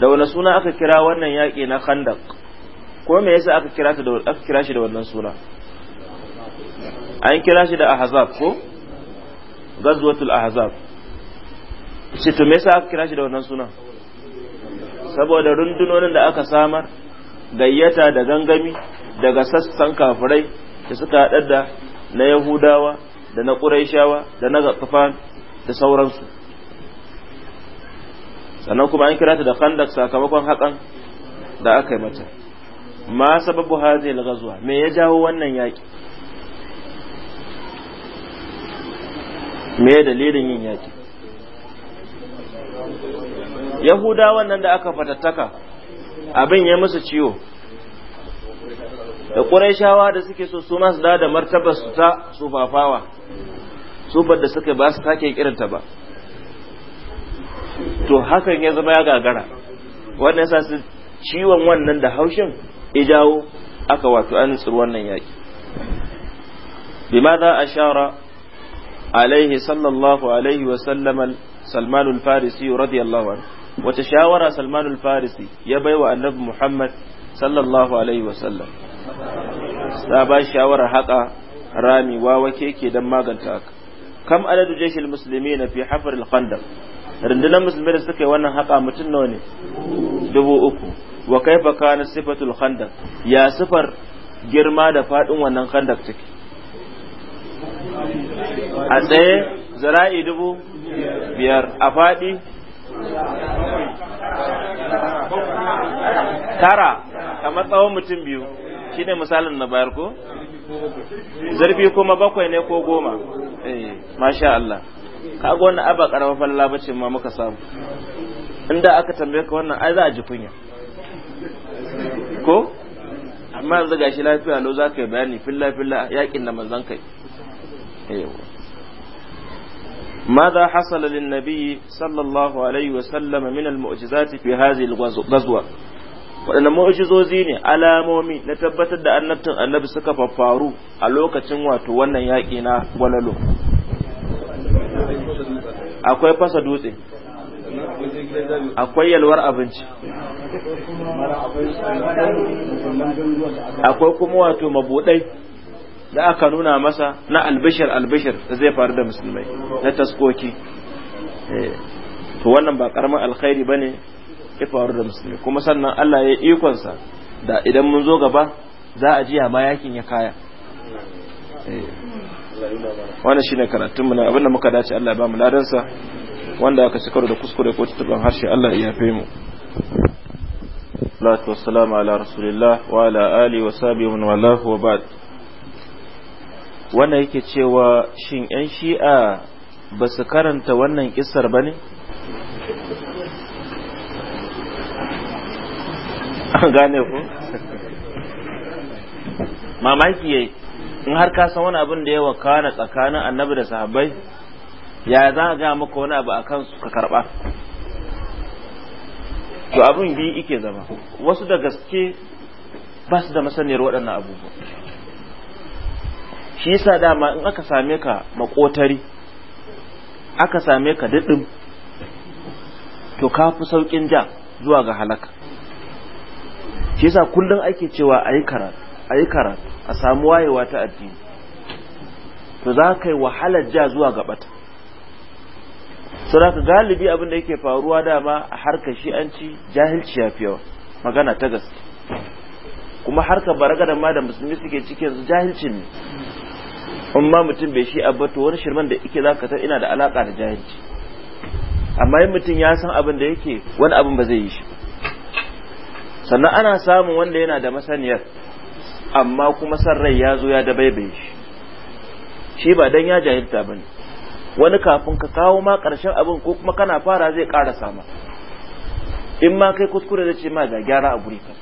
da wani suna aka kira wannan yaƙi na khandaq ko me yasa aka kira ta da aka kira shi da wannan suna an kira shi da ahzab ko ghazwatul ahzab shi to me yasa aka kira shi da wannan suna saboda rundunonin da aka samar gayyata da gangami daga sassan kafirai da suka haɗar da na yahudawa da na ƙuraishawa da na gafafan da sauransu sannan kuma an kira ta da khandak sakamakon haƙan da aka yi mata ma sababu hazil gazuwa me ya jawo wannan yaƙi me dalilin yin yaƙi yahudawan nan da aka fatattaka abin ya musu ciwo da ƙuraishawa da suke so su masu da martabar su ta sufafawa sufar da suka ba su take kirinta ba to hakan ya zama ya gagara wannan sa su ciwon wannan da haushin ijawo aka wato an tsir wannan yaki a ashara alaihi sallallahu alaihi wa sallam farisi radiyallahu anhu wata shawara Salman al-Farisi ya baiwa Annabi Muhammad sallallahu alaihi wasallam ta ba shawara haka rami wawa ke dan maganta haka kam adadu jeshil musulmi na fi hafar al-khandaq rundunar musulmi da suka yi wannan haka mutum nawa ne dubu uku wa kaifa kana sifatul khandaq ya sifar girma da fadin wannan khandaq take a tsaye zara'i dubu biyar a fadi tara kamar tsawon mutum biyu shi ne misalin na bayar ko zarfi kuma bakwai ne ko goma eh masha Allah ga wannan aba karfafan labacin ma muka samu inda aka tambaye ka wannan ai za a ji kunya ko amma yanzu gashi lafiya lo za ka yi bayani filla filla yakin da manzan kai ماذا حصل للنبي صلى الله عليه وسلم من المعجزات في هذه الغزوة waɗanda mu'jizozi ne alamomi na tabbatar da annabtin annabi suka faffaru a lokacin wato wannan yaƙi na gwalalo akwai fasa dutse akwai yalwar abinci akwai kuma wato mabuɗai da aka nuna masa na albishir albishir da zai faru da musulmai na taskoki eh, to wannan ba karamin alkhairi bane ya faru da musulmai. kuma sannan Allah ya ikonsa da idan mun zo gaba za a ji ma yakin ya kaya eh, wannan shine karatun mu na abinda muka dace Allah ya ba mu sa wanda aka cikar da kuskure ko tutuban harshe Allah ya fe mu salatu wassalamu ala rasulillah wa ala alihi wa sahbihi wa ba'd wannan yake cewa shin 'yan shi'a ba su karanta wannan kisar ba ne? gane ku? mamaki yayi in har ka san wani abin da ya wakana tsakanin annabi da sahabbai ya za a ga maka wani abu a kansu ka karba to abin biyu ike zama wasu da gaske ba su da masaniyar waɗannan abubuwa shi yasa dama in aka same ka makotari aka same ka daɗin to ka fi sauƙin ja zuwa ga halaka shi yasa kullum ake cewa a yi karatu a a samu wayewa ta addini to za ka yi wahalar ja zuwa ga bata saboda galibi abin da yake faruwa dama a harkar shi'anci jahilci ya fi yawa magana ta gaske kuma harkar baragadan ma da musulmi suke cikin jahilci ne in ma mutum bai shi abu to wani shirman da yake zaka san ina da alaka da jahilci amma in mutum ya san abin da yake wani abin ba zai yi shi sannan ana samun wanda yana da masaniyar amma kuma san rai ya zo ya da bai bai shi shi ba dan ya jahilta ba ne wani kafin ka kawo ma karshen abin ko kuma kana fara zai ƙara sama in ma kai kuskure zai ce ma ga gyara a guri ka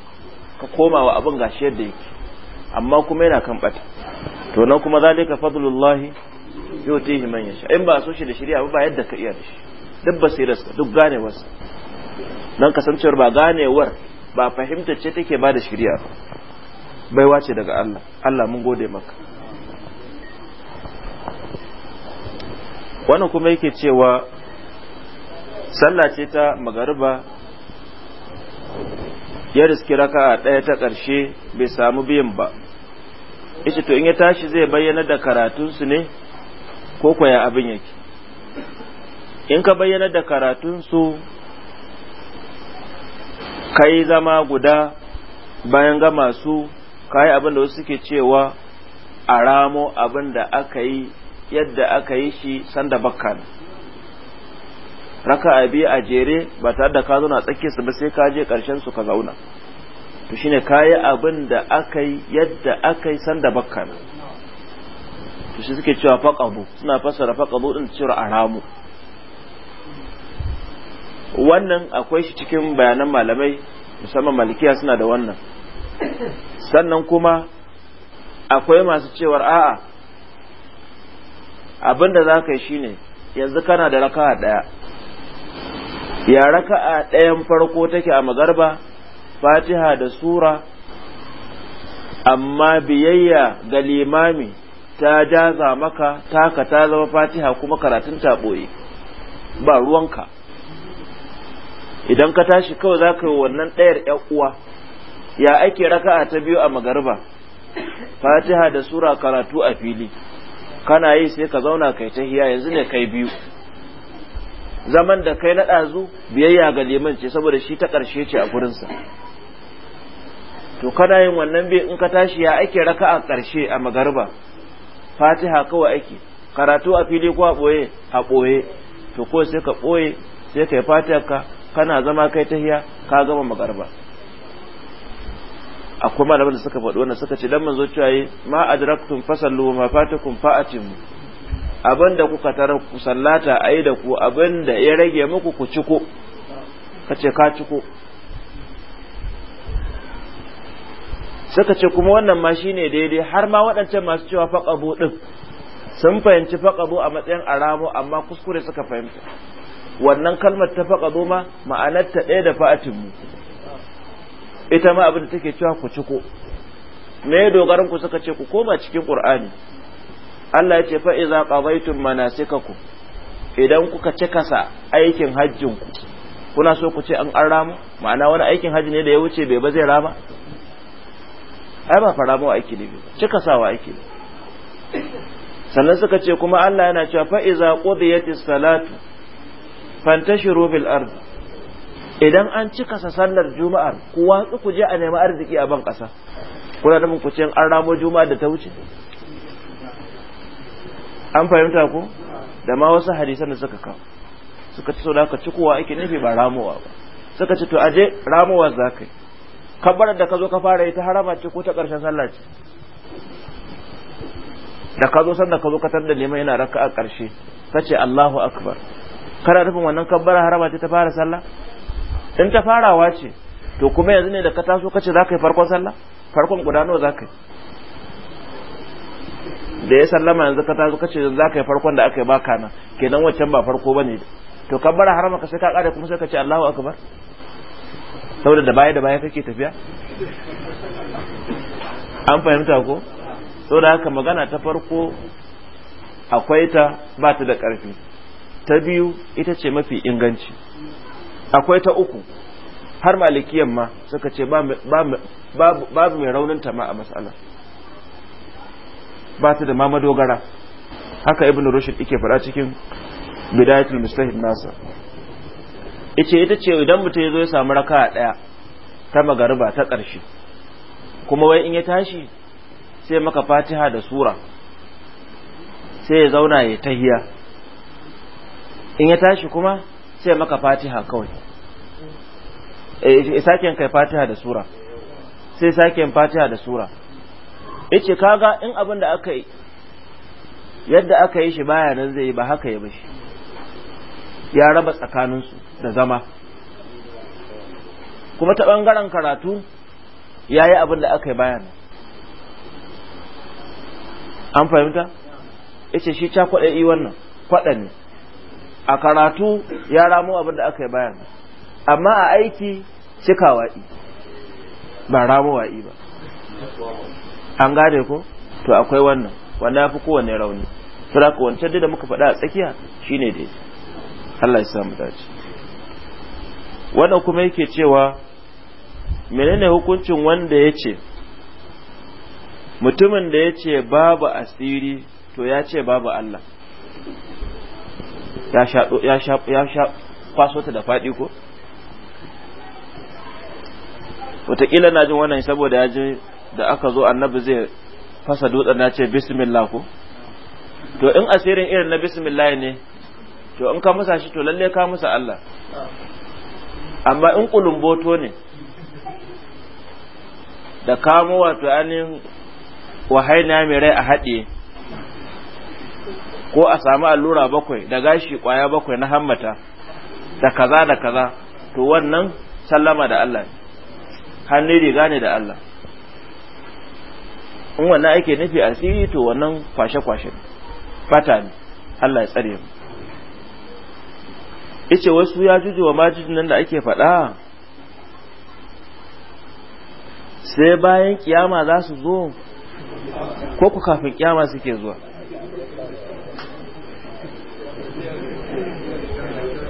ka koma wa abin gashi yadda yake amma kuma yana kan bata to na kuma zalika fadlullahi yutihi man yasha in ba so shi da shari'a ba yadda ka iya da shi duk basirarsa duk ganewarsa dan kasancewar ba ganewar ba fahimtar ce take ba da shari'a baiwa ce daga Allah Allah mun gode maka wannan kuma yake cewa sallah ce ta magariba ya riski raka'a ɗaya ta ƙarshe bai samu biyan ba yace to in ya tashi zai bayyana da karatunsu ne ko kwaya abin yake in ka bayyana da karatunsu ka yi zama guda bayan gama su ka yi abin da wasu suke cewa a ramo abin da aka yi yadda aka yi shi sanda bakkan raka a biyu a jere ba tare da ka zauna tsakiyarsu ba sai ka je karshen su ka zauna to shine kayi abin da aka yi yadda aka yi sanda bakka ne to shi suke cewa faqabu suna fassara faqabu din cewa aramu wannan akwai shi cikin bayanan malamai musamman malikiya suna da wannan sannan kuma akwai masu cewar a'a abin da za ka yi shine yanzu kana da raka'a daya ya raka'a ɗayan farko take a magarba fatiha da sura amma biyayya ga limami ta jaza maka taka ta zama fatiha kuma karatun ta boye ba ruwanka idan ka tashi kawai za ka yi wannan ɗayar uwa ya ake raka'a ta biyu a magarba fatiha da sura karatu a fili kana yi sai ka zauna kai ta hiya yanzu ne kai biyu zaman da kai na ɗazu biyayya ga liman ce saboda shi ta ƙarshe ce a gurinsa to kana yin wannan bai in ka tashi ya ake raka a ƙarshe a magarba fatiha kawai ake karatu a fili ko a ɓoye a ɓoye to ko sai ka ɓoye sai ka yi fatiha kana zama kai tahiya ka gama magarba akwai malaman da suka faɗi wannan suka ce dan manzo cewa yi ma adraktum fasallu ma fatakum fa'atimu abinda kuka tarar ku sallata ayi da ku abinda ya rage muku ku ciko kace ka ciko suka ce kuma wannan ma shine daidai har ma waɗancan masu cewa faƙabu ɗin sun fahimci faƙabu a matsayin alamu amma kuskure suka fahimta wannan kalmar ta faƙabu ma ma'anarta ɗaya da fa'atin mu ita ma abin da take cewa ku ciko me dogaran ku suka ce ku koma cikin ƙur'ani Allah ya ce fa iza qadaytum manasikakum idan kuka cakasa aikin hajjin ku kuna so ku ce an an rama ma'ana wani aikin hajji ne da ya wuce bai ba zai rama ai ba faramo ake nufi cika sawa ake sannan suka ce kuma Allah yana cewa fa iza qudiyati salatu fantashiru bil ard idan an cika sa sallar juma'ar ku watsu ku je a nemi arziki a ban kasa kuna da ku ce an ramo juma'a da ta wuce an fahimta ko da ma wasu hadisan da suka kawo suka ce so da ka cikowa aiki ne ba ramowa ba suka ce to aje ramowa zakai kabbarar da ka zo ka fara yi ta harama ce ko ta ƙarshen sallah ce da ka zo sanda ka zo katar da neman yana raka a ƙarshe ka ce Allahu Akbar kana nufin wannan kabbara harama ce ta fara sallah in ta farawa ce to kuma yanzu ne da ka taso ka ce za ka yi farkon sallah farkon guda nawa za ka yi da ya sallama yanzu ka taso ka ce za ka yi farkon da aka yi baka nan kenan wancan ba farko ba ne to kabbara harama ka sai ka kare kuma sai ka ce Allahu Akbar saboda da baya da baya kake tafiya an fahimta ko saboda haka magana ta farko akwai ta ba ta da ƙarfi ta biyu ita ce mafi inganci akwai ta uku har malikiyan ma suka ce babu mai raunin ta ma a matsala ba ta da ma madogara haka ibn rushd ike faɗa cikin bidayatul mustahid nasa yace ita ce idan mutum ya zo ya samu raka ɗaya ta magariba ta ƙarshe kuma wai in ya tashi sai maka fatiha da sura sai ya zauna ya tahiya in ya tashi kuma sai maka fatiha kawai e sake kai fatiha da sura sai sake fatiha da sura yace kaga in abin da aka yi yadda aka yi shi baya nan zai yi ba haka ya bashi ya raba tsakaninsu da zama kuma ta ɓangaren karatu ya yi abin da aka yi bayan an fahimta? ita shi ca kwaɗa yi wannan kwaɗa ne a karatu ya ramu abin da aka yi bayan amma a aiki cikawa yi ba ramu wa'i ba an gane ko to akwai wannan wanda fi kowane rauni saboda wancan da muka faɗa a tsakiya shine dai Allah ya samu dace wanda kuma yake cewa menene hukuncin wanda ya ce mutumin da ya ce babu asiri to ya ce babu Allah ya sha kwaso ta da faɗi ko wataƙila na jin wannan saboda ya je da aka zo annabi zai fasa dutsen na ce bismillah ko to in asirin irin na bismillah ne to in ka musa shi to lalle ka musa Allah amma in kulumboto ne da kamo wato anin wahaina mai rai a haɗe ko a samu allura bakwai da gashi kwaya bakwai na hammata da kaza da kaza to wannan sallama da Allah hannu riga ne da Allah in wannan ake nufi asiri to wannan kwashe-kwashe fata ne Allah ya tsare mu yace wasu ya juju wa majidin nan da ake faɗa sai bayan kiyama za su zo ko ku kafin kiyama suke zuwa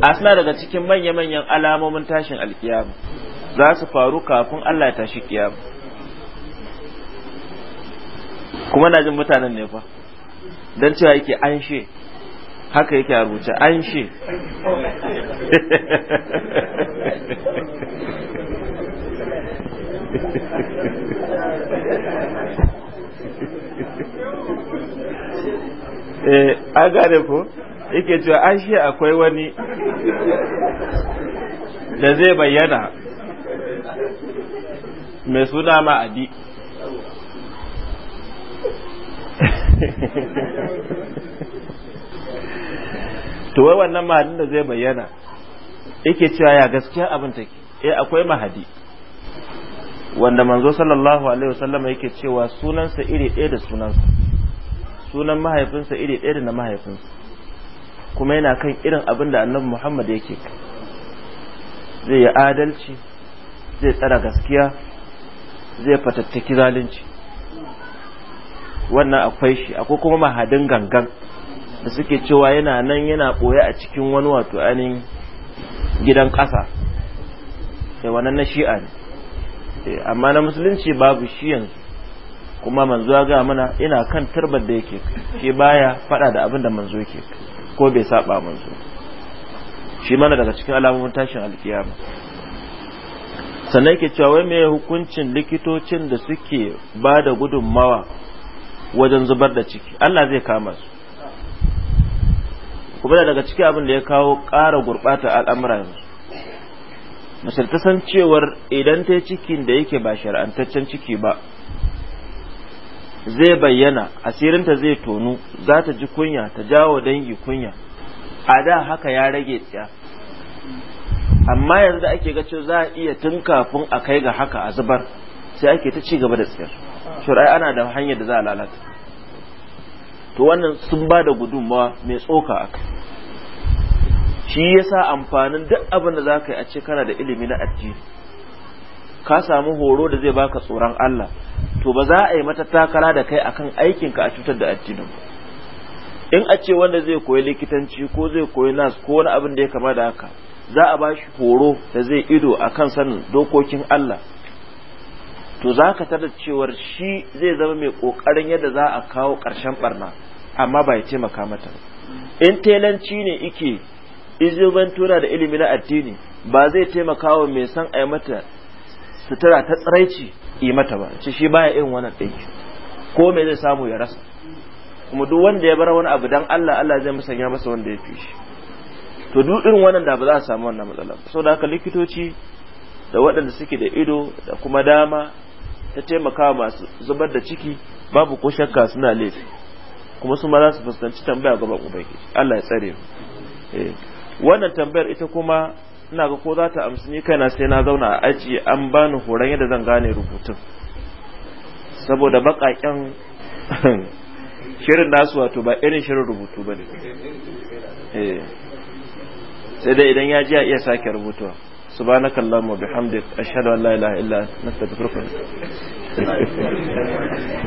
asna daga cikin manya-manyan alamomin tashin alkiyama za su faru kafin Allah ya tashi kiyama kuma na jin mutanen ne fa don cewa yake an she haka yake a rubuce an shi eh an gane ko yake cewa an shi akwai wani da zai bayyana mai suna ma'adi to wai wannan mahadin da zai bayyana yake cewa ya gaskiya abin take eh akwai mahadi wanda manzo sallallahu alaihi wasallama yake cewa sunansa iri ɗaya da sunansa sunan mahaifinsa iri ɗaya da na mahaifinsa kuma yana kan irin abin da annabi muhammad yake zai yi adalci zai tsara gaskiya zai fatattaki zalunci wannan akwai shi akwai kuma mahadin gangan da suke cewa yana nan yana ɓoye a cikin wani wato ainihin gidan ƙasa sai wannan na shi'a ne eh, amma na musulunci babu shi yanzu kuma manzo ga mana ina kan tarbar da yake shi baya faɗa da abin da manzo yake ko bai saba manzo shi mana daga cikin alamomin tashin alkiyama sannan ke cewa wai me hukuncin likitocin da suke ba da gudunmawa wajen zubar da ciki Allah zai kama su kuma da daga cikin abin da ya kawo ƙara gurɓata al'amura yanzu mace ta san cewar idan ta yi cikin da yake ba shar'antaccen ciki ba zai bayyana asirin ta zai tonu za ta ji kunya ta jawo dangi kunya a da haka ya rage tsaya amma yanzu da ake ga cewa za a iya tun kafin a kai ga haka a zubar sai ake ta ci gaba da tsiyar shari'a ana da hanyar da za a lalata to wannan sun ba da gudunmawa mai tsoka a kai shi yasa amfanin duk abin da za ka yi a ce kana da ilimi na addini ka samu horo da zai baka tsoron Allah to ba za a yi mata takara da kai akan aikinka a cutar da addinin ba in a ce wanda zai koyi likitanci ko zai koyi nas ko wani abin da ya kama da haka za a bashi horo da zai ido akan sanin dokokin Allah to za ka tarar cewar shi zai zama mai ƙoƙarin yadda za a kawo ƙarshen barna amma ba ya taimaka mata in telanci ne ike izuban tura da ilimi na addini ba zai taimaka wa mai san ai mata sutura ta tsiraici yi mata ba ce shi baya irin wannan ɗinki ko me zai samu ya rasa kuma duk wanda ya bar wani abu dan Allah Allah zai musanya masa wanda ya fi shi to duk irin wannan da ba za a samu wannan matsala saboda haka likitoci da waɗanda suke da ido da kuma dama ta taimaka masu zubar da ciki babu ko shakka suna laifi kuma su ma za su fuskanci tambaya gaban ubangiji Allah ya tsare mu eh, wannan tambayar ita kuma ina ga ko za ta amsa ni kaina sai na zauna a aji an bani horon yadda zan gane rubutun saboda baƙaƙen shirin nasu wato ba irin shirin rubutu ba ne eh, sai dai idan ya ji ya iya sake rubutuwa سبحانك اللهم وبحمدك أشهد أن لا إله إلا أنت نستغفرك